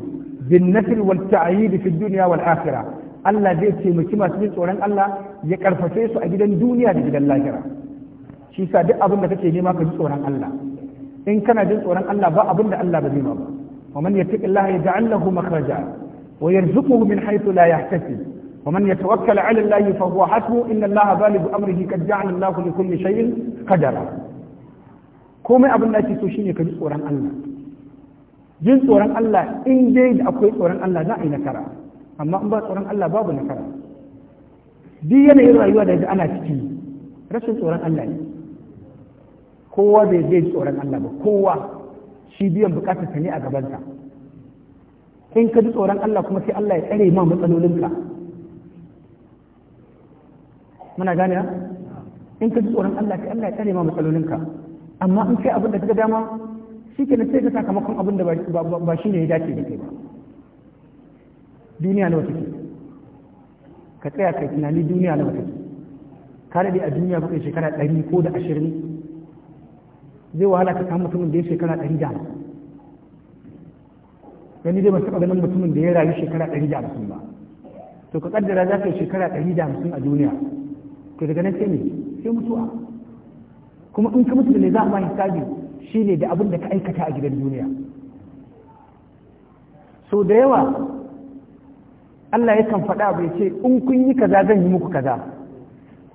Speaker 1: bin nasr wal ta'yid fi dunya wal akhirah Allah zai taimaki masu jin tsoron Allah ya karfafe su a gidan duniya da gidan lahira shi sa duk abin da kake nema ka ji tsoron Allah in kana jin tsoron Allah ba abin da Allah ba zai ma ba wa man yattaqillaha yaj'al lahu makhraja wa yarzuquhu min haythu la yahtasib ومن يتوكل على الله فهو حسبه إن الله بالغ أمره قد جعل الله لكل شيء قدرا komai abin da ake so shine ka ji tsoron Allah jin tsoron Allah in dai da akwai tsoron Allah za a yi nakara amma in ba tsoron Allah babu nasara duk yanayin rayuwa da ana ciki rashin tsoron Allah ne kowa bai zai tsoron Allah ba kowa shi biyan bukatar ta ne a gabanta in ka ji tsoron Allah kuma sai Allah ya tsare ma matsalolinka muna gane ya in ka ji tsoron Allah ka Allah ya tsare ma matsalolinka amma in kai abin da kaga dama shikenan sai ka sakamakon abin da ba shi ne ya dace da kai ba duniya nawa take ka tsaya kai tunani duniya nawa take ka dade a duniya ba kai shekara 100 ko da ashirin zai wahala ka samu mutumin da ya shekara 100 da hamsin gani zai ba taɓa ganin mutumin da ya rayu shekara ɗari da hamsin ba to ka kaddara za ka yi shekara ɗari da hamsin a duniya to daga nan sai ne sai mutuwa kuma in ka mutu da ne za a ma hisabi shine da abin da ka aikata a gidan duniya so da yawa Allah ya yakan faɗa bai ya ce in kun yi kaza zan yi muku kaza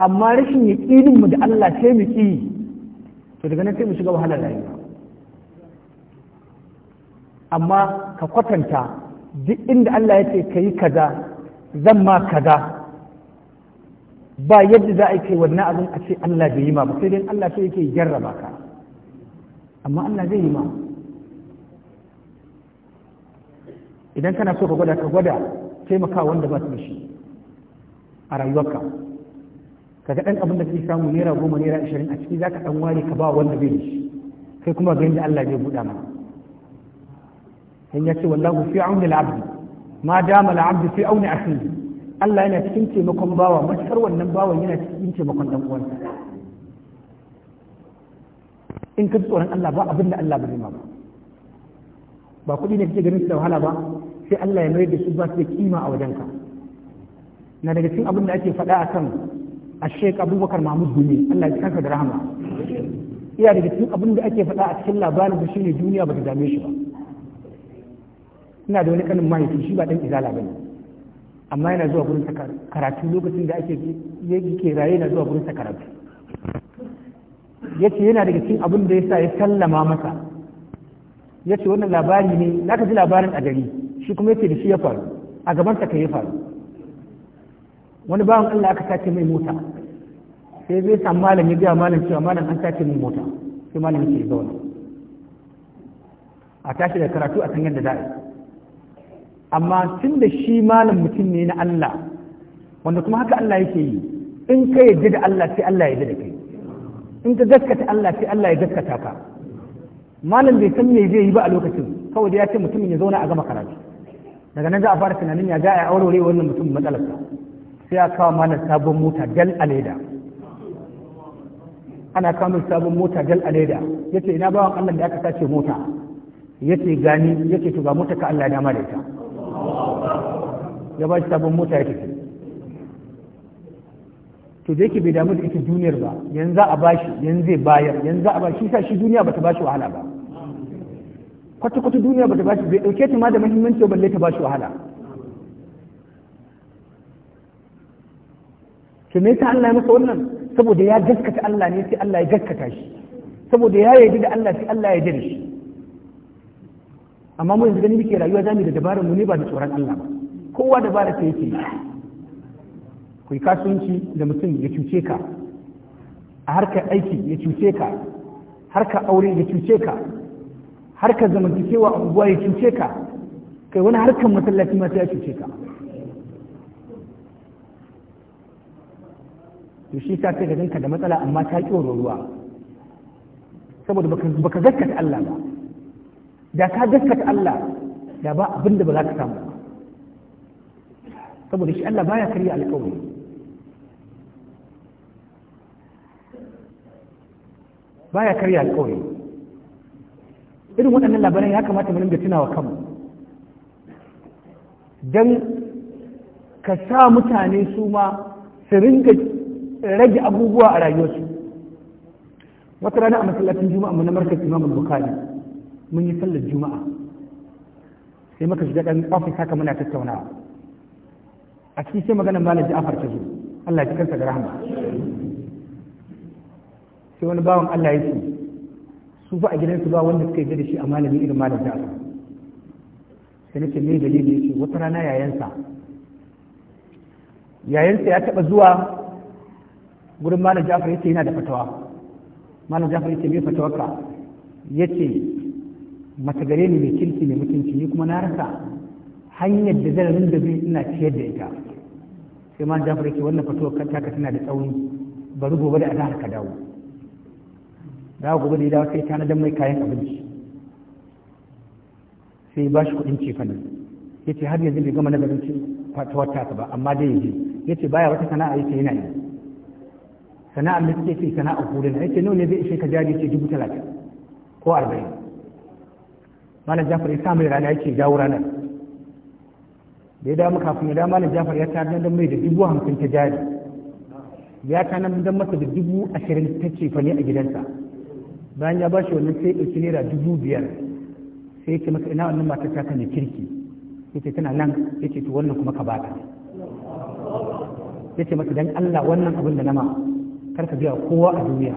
Speaker 1: amma rashin ya mu da Allah sai mu ƙi to daga nan sai mu shiga wahalar rayuwa amma ka kwatanta duk inda Allah ya ce ka yi kaza zan ma kaza ba yadda za a ce wannan abin a ce Allah bai yi ma ba sai dai Allah sai yake jarraba ka amma Allah zai yi ma idan kana so ka gwada ka gwada taimaka wanda ba su da shi a rayuwarka ka ga ɗan abin da kake samu naira goma naira ashirin a ciki za ka ɗan ware ka ba wanda bai da shi kai kuma ga yadda Allah zai buɗa ma sai ya ce wallahu fi auni al-abd ma dama al-abd fi auni akhihi Allah yana cikin taimakon bawa matuƙar wannan bawan yana cikin taimakon dan uwansa in ka tsoron Allah ba abin da Allah ba zai ma ba ba kuɗi ne kake ganin su da wahala ba sai Allah ya mayar da su ba su da kima a wajen ka na daga cikin abin da ake faɗa a kan a sheik abubakar mahmud gumi Allah ya kanka da rahama iya daga cikin abin da ake faɗa a cikin labarin da shine duniya ba ta dame shi ba ina da wani kanin mahaifi shi ba ɗan izala ba ne amma yana zuwa gurin karatu lokacin da ake yake raye yana zuwa gurin sa karatu yace yana daga cikin abin da yasa ya sallama masa yace wannan labari ne ka ji labarin a gari shi kuma yace da shi ya faru a gaban sa kai ya faru wani bawan Allah aka sace mai mota sai zai san malam ya gaya malam cewa malam an sace mai mota sai malam yake zauna a tashi da karatu a san yadda za a yi amma tun da shi malam mutum ne na Allah wanda kuma haka Allah yake yi in ka yarda da Allah sai Allah ya da kai in ka gaskata Allah sai Allah ya gaskata ka malam bai san me zai yi ba a lokacin kawai da ya ce mutumin ya zauna a gama karatu daga nan za a fara tunanin ya ga a aurore wannan mutum matsalarsa sai ya kawo malam sabon mota dal a leda ana kawo sabon mota dal a leda yace ina bawan Allah da aka sace mota yace gani yace to ga mota ka Allah ya dama da ita ya ba shi sabon mota ya tafi to da yake bai damu da ita duniyar ba yanzu a bashi yanzu zai bayar yanzu a bashi sa shi duniya bata bashi wahala ba kwata kwata duniya bata bashi bai dauke ta ma da muhimmanci balle ta bashi wahala to me yasa Allah ya masa wannan saboda ya gaskata Allah ne sai Allah ya gaskata shi saboda ya yarda da Allah sai Allah ya yarda da shi amma mu yanzu gani muke rayuwa zamu da dabarar mu ne ba da tsoron Allah ba kowa da da ta yake ku kasuwanci da mutum ya cuce ka a harkar aiki ya cuce ka harkar aure ya cuce ka harkar zamantakewa a unguwa ya cuce ka kai wani harkar masallaci masu ya cuce ka to shi ka sai ka da matsala amma ta ƙi ruwa saboda baka gaskata Allah ba da ka gaskata Allah da ba abinda ba za ka samu ba saboda shi Allah baya karya alƙawari baya karya alƙawari irin waɗannan labaran ya kamata mu dinga tunawa kanmu dan ka sa mutane su ma su ringa rage abubuwa a rayuwarsu wata rana a masallacin juma'a mu na markaz imam bukhari mun yi sallar juma'a sai muka shiga dan ofis haka muna tattaunawa a cikin sai maganar malam Ja'far ta zo Allah ya kansa da rahama sai wani bawan Allah ya ce su fa a gidansu ba wanda suka yi da shi a malami irin malam Ja'far sai nace da dalili yace wata rana yayansa yayansa ya taba zuwa gurin malam Ja'far yace yana da fatawa malam Ja'far yace me fatawarka yace mata gare ni mai kirki mai mutunci ni kuma na rasa hanyar da zan rinda bi ina ciyar da ita sai ma jafar yake wannan fatuwar kan taka tana da tsauni bari gobe da azahar ka dawo dawo gobe da ya dawo sai tana dan mai kayan abinci sai ba shi kuɗin cefanin ya ce har yanzu bai gama nazarin fatuwar taka ba amma dai yaje ya ce baya wata sana'a ya ce yana yi sana'ar da suke ce sana'ar huluna ya ce nawa ne zai ishe ka jari ce dubu talatin ko arba'in malam jafar ya sa rana ya ce jawo ranar da ya damu kafin ya dama na jafar ya tarin da mai da dubu hamsin ta jari ya tarin da masa da dubu ashirin ta cefa ne a gidansa bayan ya ba shi wannan sai ɗauki naira dubu biyar sai ce masa ina wannan matar ta ne kirki ce tana nan ce to wannan kuma ka bata yace masa dan Allah wannan abin da nama kar ka biya kowa a duniya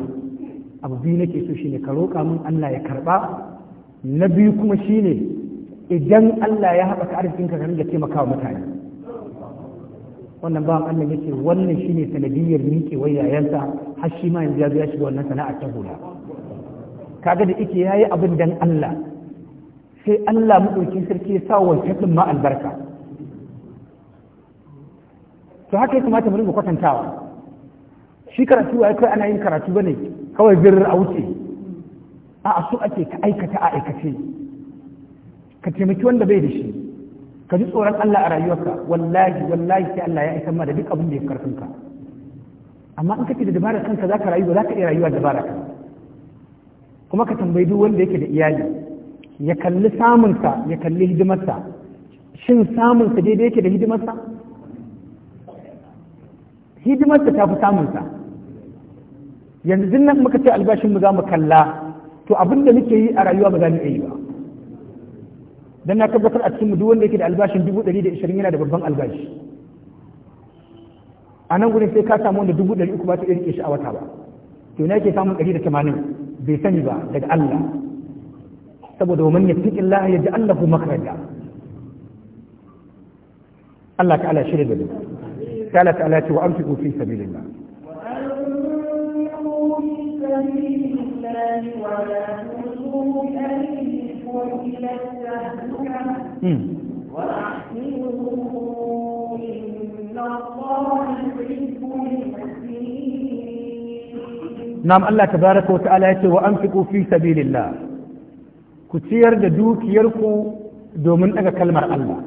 Speaker 1: abu biyu nake so shine ka roƙa min Allah ya karba na biyu kuma shine idan Allah ya haɓaka arzikinka ka ringa taimakawa mutane wannan bawan Allah yake wannan shine sanadiyar miƙe wai yayansa har shi ma yanzu ya zo ya shiga wannan sana'ar ta hula kaga da yake yayi abin dan Allah sai Allah madaukin sarki ya sa wancan din ma albarka to haka ya kamata mu ringa kwatantawa shi karatu ai kai ana yin karatu bane kawai birr a wuce a su ake ka aikata a aikace ka taimaki wanda bai da shi ka ji tsoron Allah a rayuwarka wallahi wallahi sai Allah ya aika ma da duk abin da ya karfin ka amma in kake da dabarar kanka zaka rayu zaka iya rayuwa dabara ka kuma ka tambayi duk wanda yake da iyali ya kalli samunsa ya kalli hidimarsa shin samunsa daidai yake da hidimarsa hidimarsa ta fi samunsa yanzu nan muka ce albashin mu za mu kalla to abin da muke yi a rayuwa ba za mu iya yi ba dan na tabbatar a cikin duk wanda yake da albashin dubu ɗari da ishirin yana da babban albashi a nan gudun sai ka samu wanda dubu ɗari uku ba ta irke shi a wata ba to na yake samun ɗari da tamanin bai sani ba daga Allah saboda wa man yattaqi Allah ya ja'al lahu makhraja Allah ta'ala shirya da mu
Speaker 2: ta'ala ta'ala ce wa
Speaker 1: anfiqu fi sabilillah wa
Speaker 2: anfiqu fi sabilillah wa la إلى hmm. Allah ta baraka الله يحب المحسنين نعم الله
Speaker 1: تبارك وتعالى وأنفقوا ku ciyar da dukiyarku domin daga kalmar Allah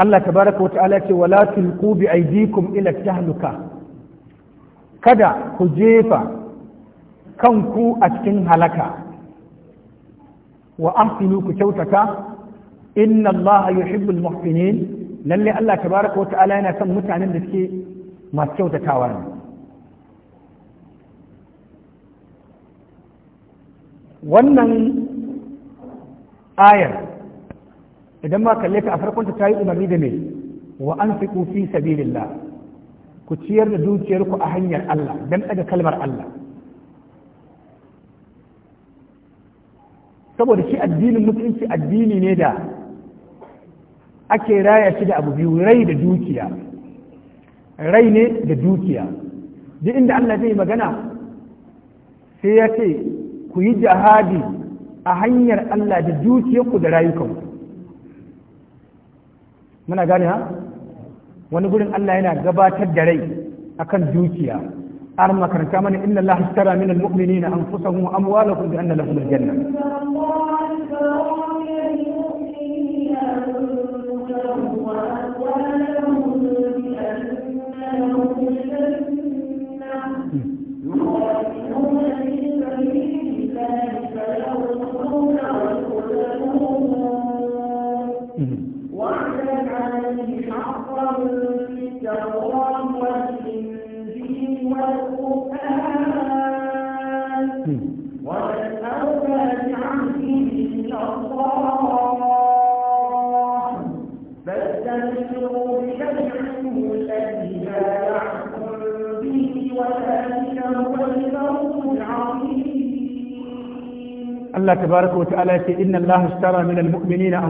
Speaker 1: Allah ta tabaraka wata'ala ce wa wala tulqu bi aydikum ila tahluka kada ku jefa kanku a cikin halaka wa amsinu ku kyautata inna Allah yuhibbul muhsinin lalle Allah tabaraka wa ta'ala yana son mutanen da suke masu kyautatawa wannan ayar idan ma kalle ta a ta yi umarni da me wa anfiqu fi sabilillah ku ciyar da dukiyarku a hanyar Allah dan daga kalmar Allah saboda shi addinin musulunci addini ne da ake raya shi da abu biyu rai da dukiya rai ne da dukiya duk inda Allah zai magana sai ya ce ku yi jihadi a hanyar Allah da dukiyarku da rayukanku muna gane ha wani gurin Allah yana gabatar da rai akan dukiya har makaranta mana inna Allah hashtara min al-mu'minina anfusahum wa amwalahum bi anna lahum al-janna Allah tabaraka wa ta'ala yake inna Allah ashtara min almu'minina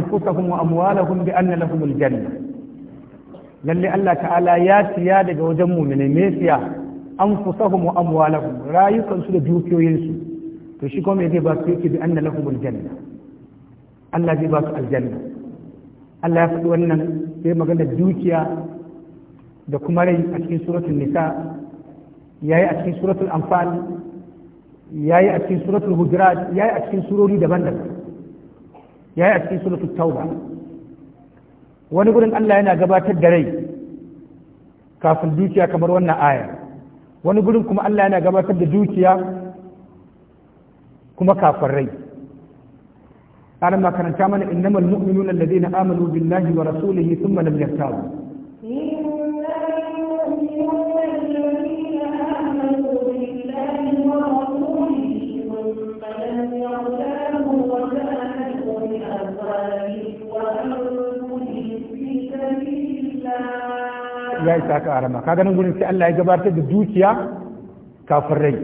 Speaker 1: ta'ala ya siya daga wajen mu'mini me siya anfusahum wa amwalahum rayukan da dukiyoyin su to shi kuma zai ba su yake bi anna lahum Allah zai ba su aljanna Allah ya faɗi wannan sai magana dukiya da kuma rai a cikin nisa yayi a cikin yayi a cikin suratul hujurat yayi a cikin surori daban-daban yayi a cikin suratul tauba wani gurin Allah yana gabatar da rai kafin dukiya kamar wannan aya wani gurin kuma Allah yana gabatar da dukiya kuma kafin rai ana makaranta mana innamal mu'minuna alladhina amanu billahi wa rasulihi thumma lam yartabu ya isa ka arama ka ganin gurin sai Allah ya gabatar da dukiya kafin rai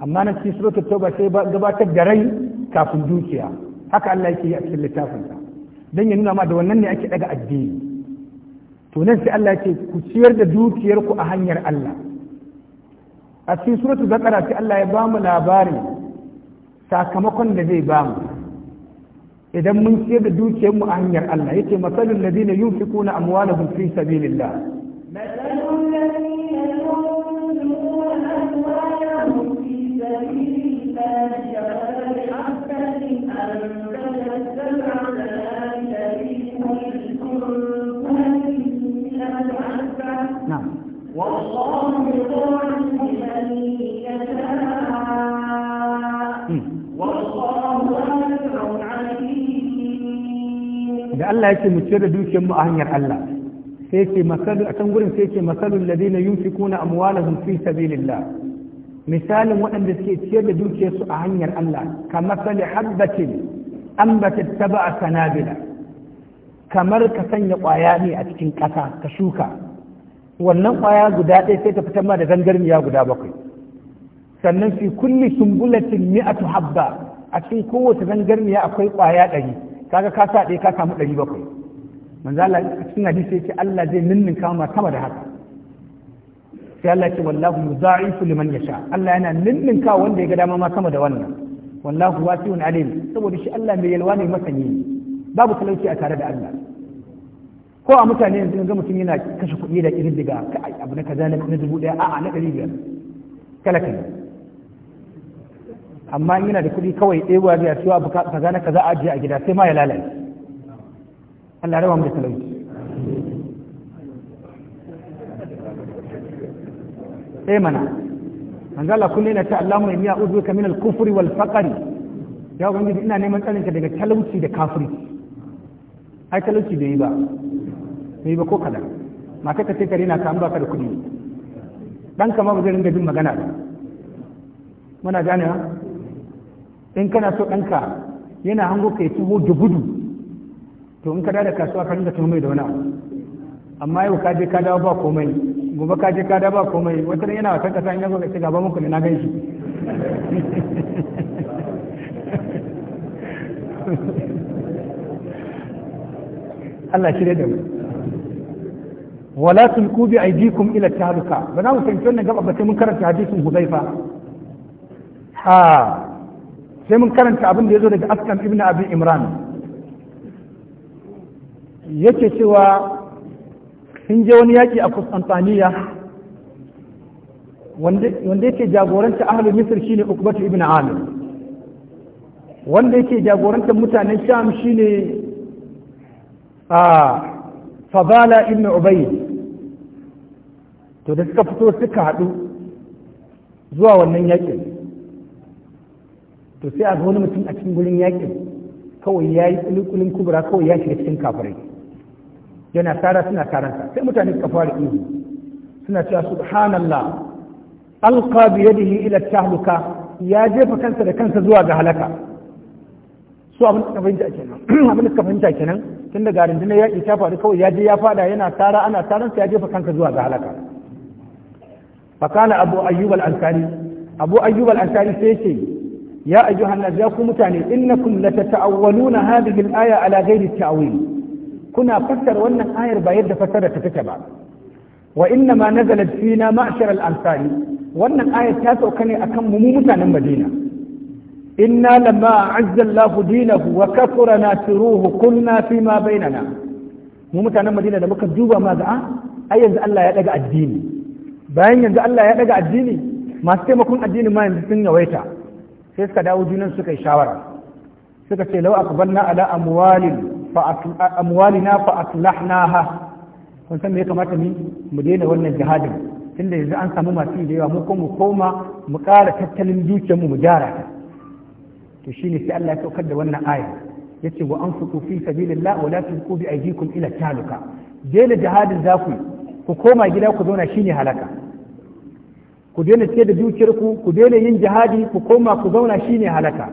Speaker 1: amma nan cikin suratul tauba sai gabatar da rai kafin dukiya haka Allah yake yi a cikin littafin sa dan ya nuna ma da wannan ne ake daga addini to nan sai Allah yake ku ciyar da dukiyar ku a hanyar Allah a cikin suratul baqara sai Allah ya ba mu labari sakamakon da zai ba mu idan mun ciyar da dukiyarmu a hanyar Allah yake masalul ladina yunfikuna amwalahum fi sabilillah Allah yake mu ciyar da dukiyar mu a hanyar Allah sai yake masalu a can gurin sai yake masalul ladina yunfikuna amwalahum fi sabilillah misalin waɗanda suke ciyar da dukiyar su a hanyar Allah kamar sali habbatin ambatat tab'a sanabila kamar ka sanya ƙwaya ne a cikin ƙasa ka shuka wannan ƙwaya guda ɗaya sai ta fitar ma da zangarniya guda bakwai sannan fi kulli sumbulatin mi'atu habba a cikin kowace zangarniya akwai ƙwaya ɗari kaga ka sa ɗaya ka samu ɗari bakwai manzo Allah cikin hadisi yake Allah zai ninninka kama sama da haka sai Allah ce wallahu yuza'ifu liman yasha Allah yana kawo wanda ya ga dama ma sama da wannan wallahu wasi'un alim saboda shi Allah mai yalwa ne masani babu talauci a tare da Allah ko a mutane yanzu ga mutum yana kashe kuɗi da irin diga abu na kaza na dubu ɗaya a'a na ɗari biyar kala kala amma in yana da kuɗi kawai ɗewa zai cewa abu kaza na kaza ajiye a gida sai ma ya lalace Allah rawa mu da talauci eh mana manzo Allah kullu yana ta Allahumma inni a'udhuka min al-kufri wal faqri ya ubangiji ina neman tsarin ka daga talauci da kafiri ai talauci bai yi ba bai yi ba ko kada mata ka sai kare na ka baka da kuɗi dan kama ba zai ringa bin magana ba muna gane ha in kana so ɗanka yana hango ka ya tuho da gudu to in ka da kasuwa ka rinka taho mai da wani abu amma yau ka je ka dawo ba komai gobe ka je ka dawo ba komai wata yana wasan kasa in yanzu ka ce gaba muku ne na gan Allah shirya da mu wala tulku bi aydikum ila tahluka bana mu fahimci wannan gaba ba sai mun karanta hadisin Hudhaifa ha sai mun karanta abin da ya zo daga askan ibn abi imran yake cewa sun je wani yaƙi a kusantaniya wanda yake jagoranta ahalin misir shine ukbatu ibn amir wanda yake jagoranta mutanen sham shine a fadala ibn obai to da suka fito suka haɗu zuwa wannan yaƙin to sai a ga wani mutum a cikin gurin yaƙin kawai ya yi kulikulin kubura kawai ya shiga cikin kafirai yana tara suna taranta sai mutane suka fara ihu suna cewa subhanallah alqa bi yadihi ila tahluka ya jefa kansa da kansa zuwa ga halaka su abin da suka fahimta kenan abin da fahimta kenan tun daga rundunar ya ta faru kawai ya je ya fada yana tara ana taransa ya jefa kansa zuwa ga halaka kana abu ayyub al-ansari abu ayyub al-ansari sai ce ya ayyuha an ya ku mutane innakum latata'awwaluna hadhihi al-aya ala ghairi ta'wil kuna fassara wannan ayar ba yadda fassara ta take ba wa inna ma nazalat fina ma'shar al-ansari wannan ayar ta sauka ne akan mu mutanen Madina inna lamma azza Allahu dinahu wa kafara nasiruhu kunna fi ma bainana mu mutanen Madina da muka duba ma ai yanzu Allah ya daga addini bayan yanzu Allah ya daga addini masu taimakon addinin ma yanzu sun yawaita sai suka dawo junan suka yi shawara suka ce lau akbalna ala amwalin fa amwalina fa aslahnaha kun san me ya kamata ni mu daina wannan jihadin tunda yanzu an samu masu da yawa mu ko mu koma mu ƙara tattalin dukiyar mu mu gyara ta to shine sai Allah ya saukar da wannan aya yace wa anfiqu fi sabilillah wa la tulqu bi aydikum ila taluka jihadin zaku ku koma gida ku zauna shine halaka ku daina ce da dukiyarku ku daina yin jihadi ku koma ku zauna shine halaka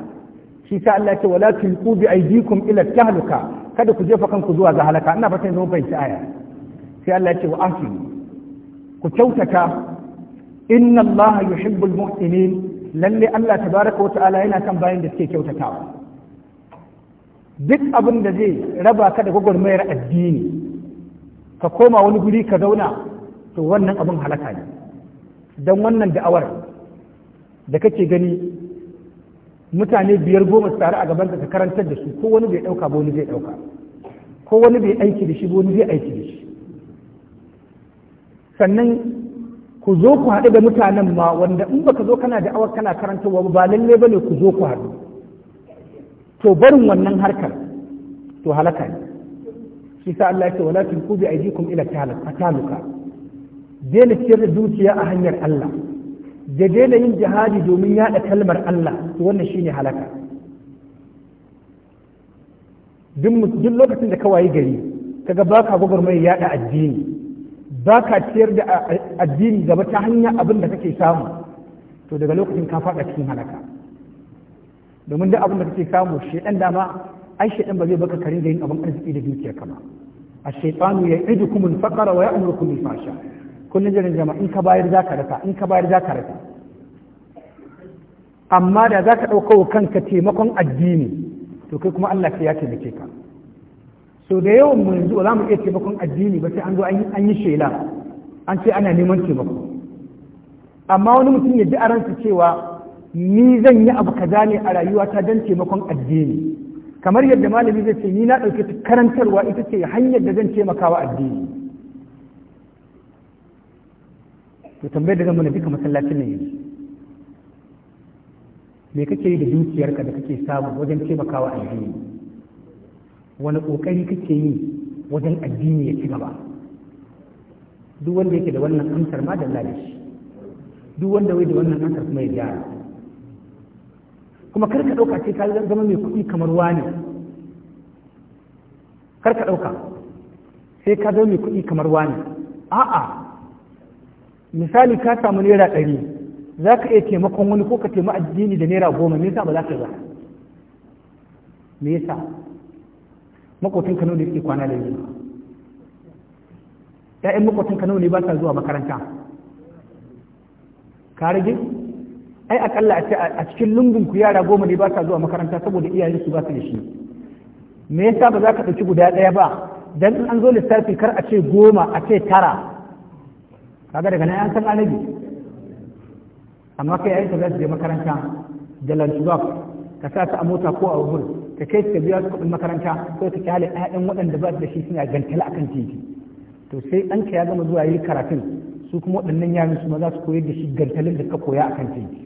Speaker 1: shi sa Allah ce wala tulqu bi aydikum ila tahluka kada ku jefa kanku zuwa ga halaka ina fatan zan fahimci aya sai Allah ce wa ku kyautata inna Allah yuhibbul muhsinin lalle Allah tabaraka wa ta'ala yana kan bayan da suke kyautatawa duk abin da zai raba ka da gwagwarmayar addini ka koma wani guri ka zauna to wannan abin halaka ne don wannan da'awar da kake gani mutane biyar goma su tare a gaban ka karantar da su ko wani bai ɗauka ba wani zai ɗauka ko wani bai aiki da shi ba wani zai aiki da shi sannan ku zo ku haɗu da mutanen ma wanda in baka zo kana da'awar kana karantarwa ba lalle bane ku zo ku haɗu to barin wannan harkar to halaka ne shi sa Allah ya ce wala ku bi ila talaka daina ciyar da dukiya a hanyar Allah da daina yin jihadi domin yada kalmar Allah to wannan shine halaka duk lokacin da ka wayi gari kaga baka mai yada addini baka ciyar da addini gaba ta hanyar abin da kake samu to daga lokacin ka faɗa cikin halaka domin duk abin da kake samu shedan dama ai shedan ba zai baka karin da yin abin arziki da dukiya kama a shaitanu ya idu kumul faqara wa ya'murukum bil kullum jirin jama'a in ka bayar za ka rasa in ka bayar za ka rasa amma da za ka ɗauka kanka taimakon addini to kai kuma Allah sai ya taimake ka so da yawan mu yanzu za mu iya taimakon addini ba sai an zo an yi shela an ce ana neman taimako amma wani mutum ya ji a ransa cewa ni zan yi abu kaza ne a rayuwata don taimakon addini kamar yadda malami zai ce ni na ɗauki karantarwa ita ce hanyar da zan taimakawa addini to tambayar da zan mana duka masallacin ne yanzu me kake yi da dukiyarka da kake samu wajen taimakawa addini wani kokari kake yi wajen addini ya ci gaba duk wanda yake da wannan amsar ma da shi duk wanda wai da wannan amsar kuma ya gyara kuma kar ka dauka ce ka zama mai kuɗi kamar wani kar ka dauka sai ka zama mai kuɗi kamar wani a'a misali ka samu naira ɗari za ka iya taimakon wani ko ka taima addini da naira goma me yasa ba za ka ba me yasa makotin kano da yake kwana da yamma ɗayan makotin kano ne ba sa zuwa makaranta ka rage ai akalla a cikin lungun ku yara goma ne ba sa zuwa makaranta saboda iyayen su ba su da shi me yasa ba za ka ɗauki guda ɗaya ba dan in an zo lissafi kar a ce goma a ce tara kaga daga nan an san alibi amma kai yayin za su je makaranta da lantuwa ka sa su a mota ko a wurin ka kai ka biya su kuɗin makaranta ko ka kyale ɗayan waɗanda ba su da shi suna gantala akan titi to sai an ka ya gama zuwa yi karatun su kuma waɗannan yaran su ma za su koyar da shi gantalin da ka koya akan titi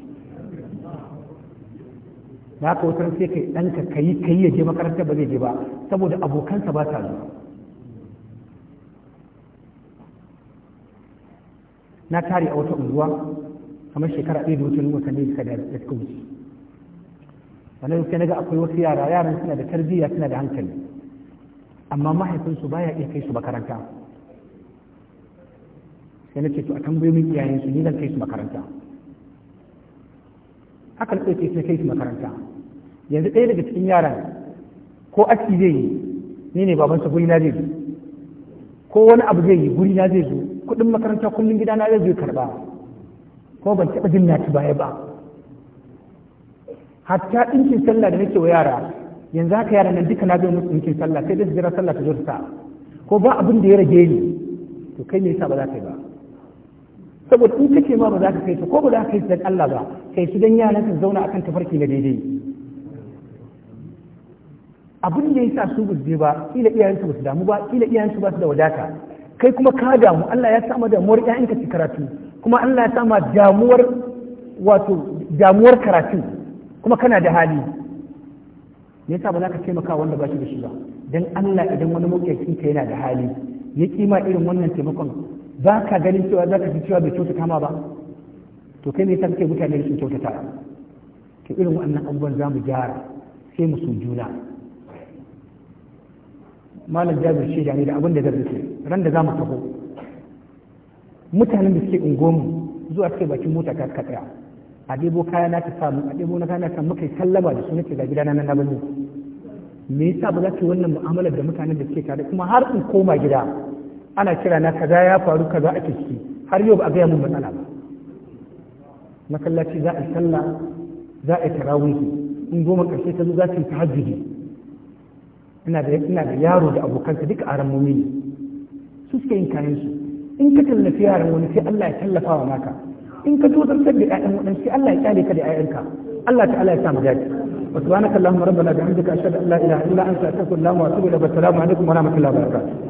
Speaker 1: na ka wutar sai kai ɗanka ka yi ka yi ya je makaranta ba zai je ba saboda abokansa ba sa zuwa na tare a wata unguwa kamar shekara ɗaya da wuce ni watanni suka da suka wuce wani sai ga akwai wasu yara yaran suna da tarbiyya suna da hankali amma mahaifinsu baya iya kai su makaranta sai na ce to a min iyayen su ni zan kai su makaranta haka na ɗauke suna kai su makaranta yanzu ɗaya daga cikin yaran ko aski zai yi ni ne babansa na zai yi ko wani abu zai yi guri na zai zo kuɗin makaranta kullum gida na zai zo karba ko ban taɓa jin na baya ba hatta ɗinkin sallah da nake wa yara yanzu haka yara nan duka na zo musu ɗinkin sallah sai dai jira sallah ta zo ta ko ba abin da ya rage ni to kai me yasa ba za ka yi ba saboda in kake ma ba za ka kai ta ko ba za ka kai ta Allah ba kai su dan yana ta zauna akan tafarki na daidai abin da sa su bizje ba kila iyayensu ba su damu ba kila iyayensu ba su da wadata kai kuma ka damu Allah ya sama damuwar iyayenka ci karatu kuma Allah ya sama damuwar wato damuwar karatu kuma kana da hali me yasa ba za ka taimaka wanda ba shi da shi ba dan Allah idan wani maƙoƙin ka yana da hali ya kima irin wannan taimakon ba ka ganin cewa za ka ji cewa bai kyautata ma ba to kai me yasa kake mutane sun kyautata to irin wannan abubuwan za mu gyara sai mu su juna malam jabir da ne da abin da zai ce ran da za mu taho mutanen da suke ungomu zuwa suke bakin mota ka ka tsaya a debo kaya na ta samu a debo na kaya na ta muka yi sallama da su nake ga gidana na nabalu me yasa ba za ki wannan mu'amalar da mutanen da suke tare kuma har in koma gida ana kira na kaza ya faru kaza ake ciki har yau ba a gaya mun matsala ba masallaci za a sallah za a yi tarawihi in goma ƙarshe ta zo za su yi tahajjudi ina da ina da yaro da abokansa duka aran mumini su suke yin kayan su in ka tallafi yaran wani sai Allah ya tallafa wa maka in ka tozartar da ƴaƴan wani sai Allah ya kyale ka da ƴaƴanka Allah ta'ala ya sa mu dace wa subhanaka allahumma rabbana bihamdika ashhadu an la ilaha illa anta astaghfiruka wa atubu ilaik assalamu alaikum wa rahmatullahi wa barakatuh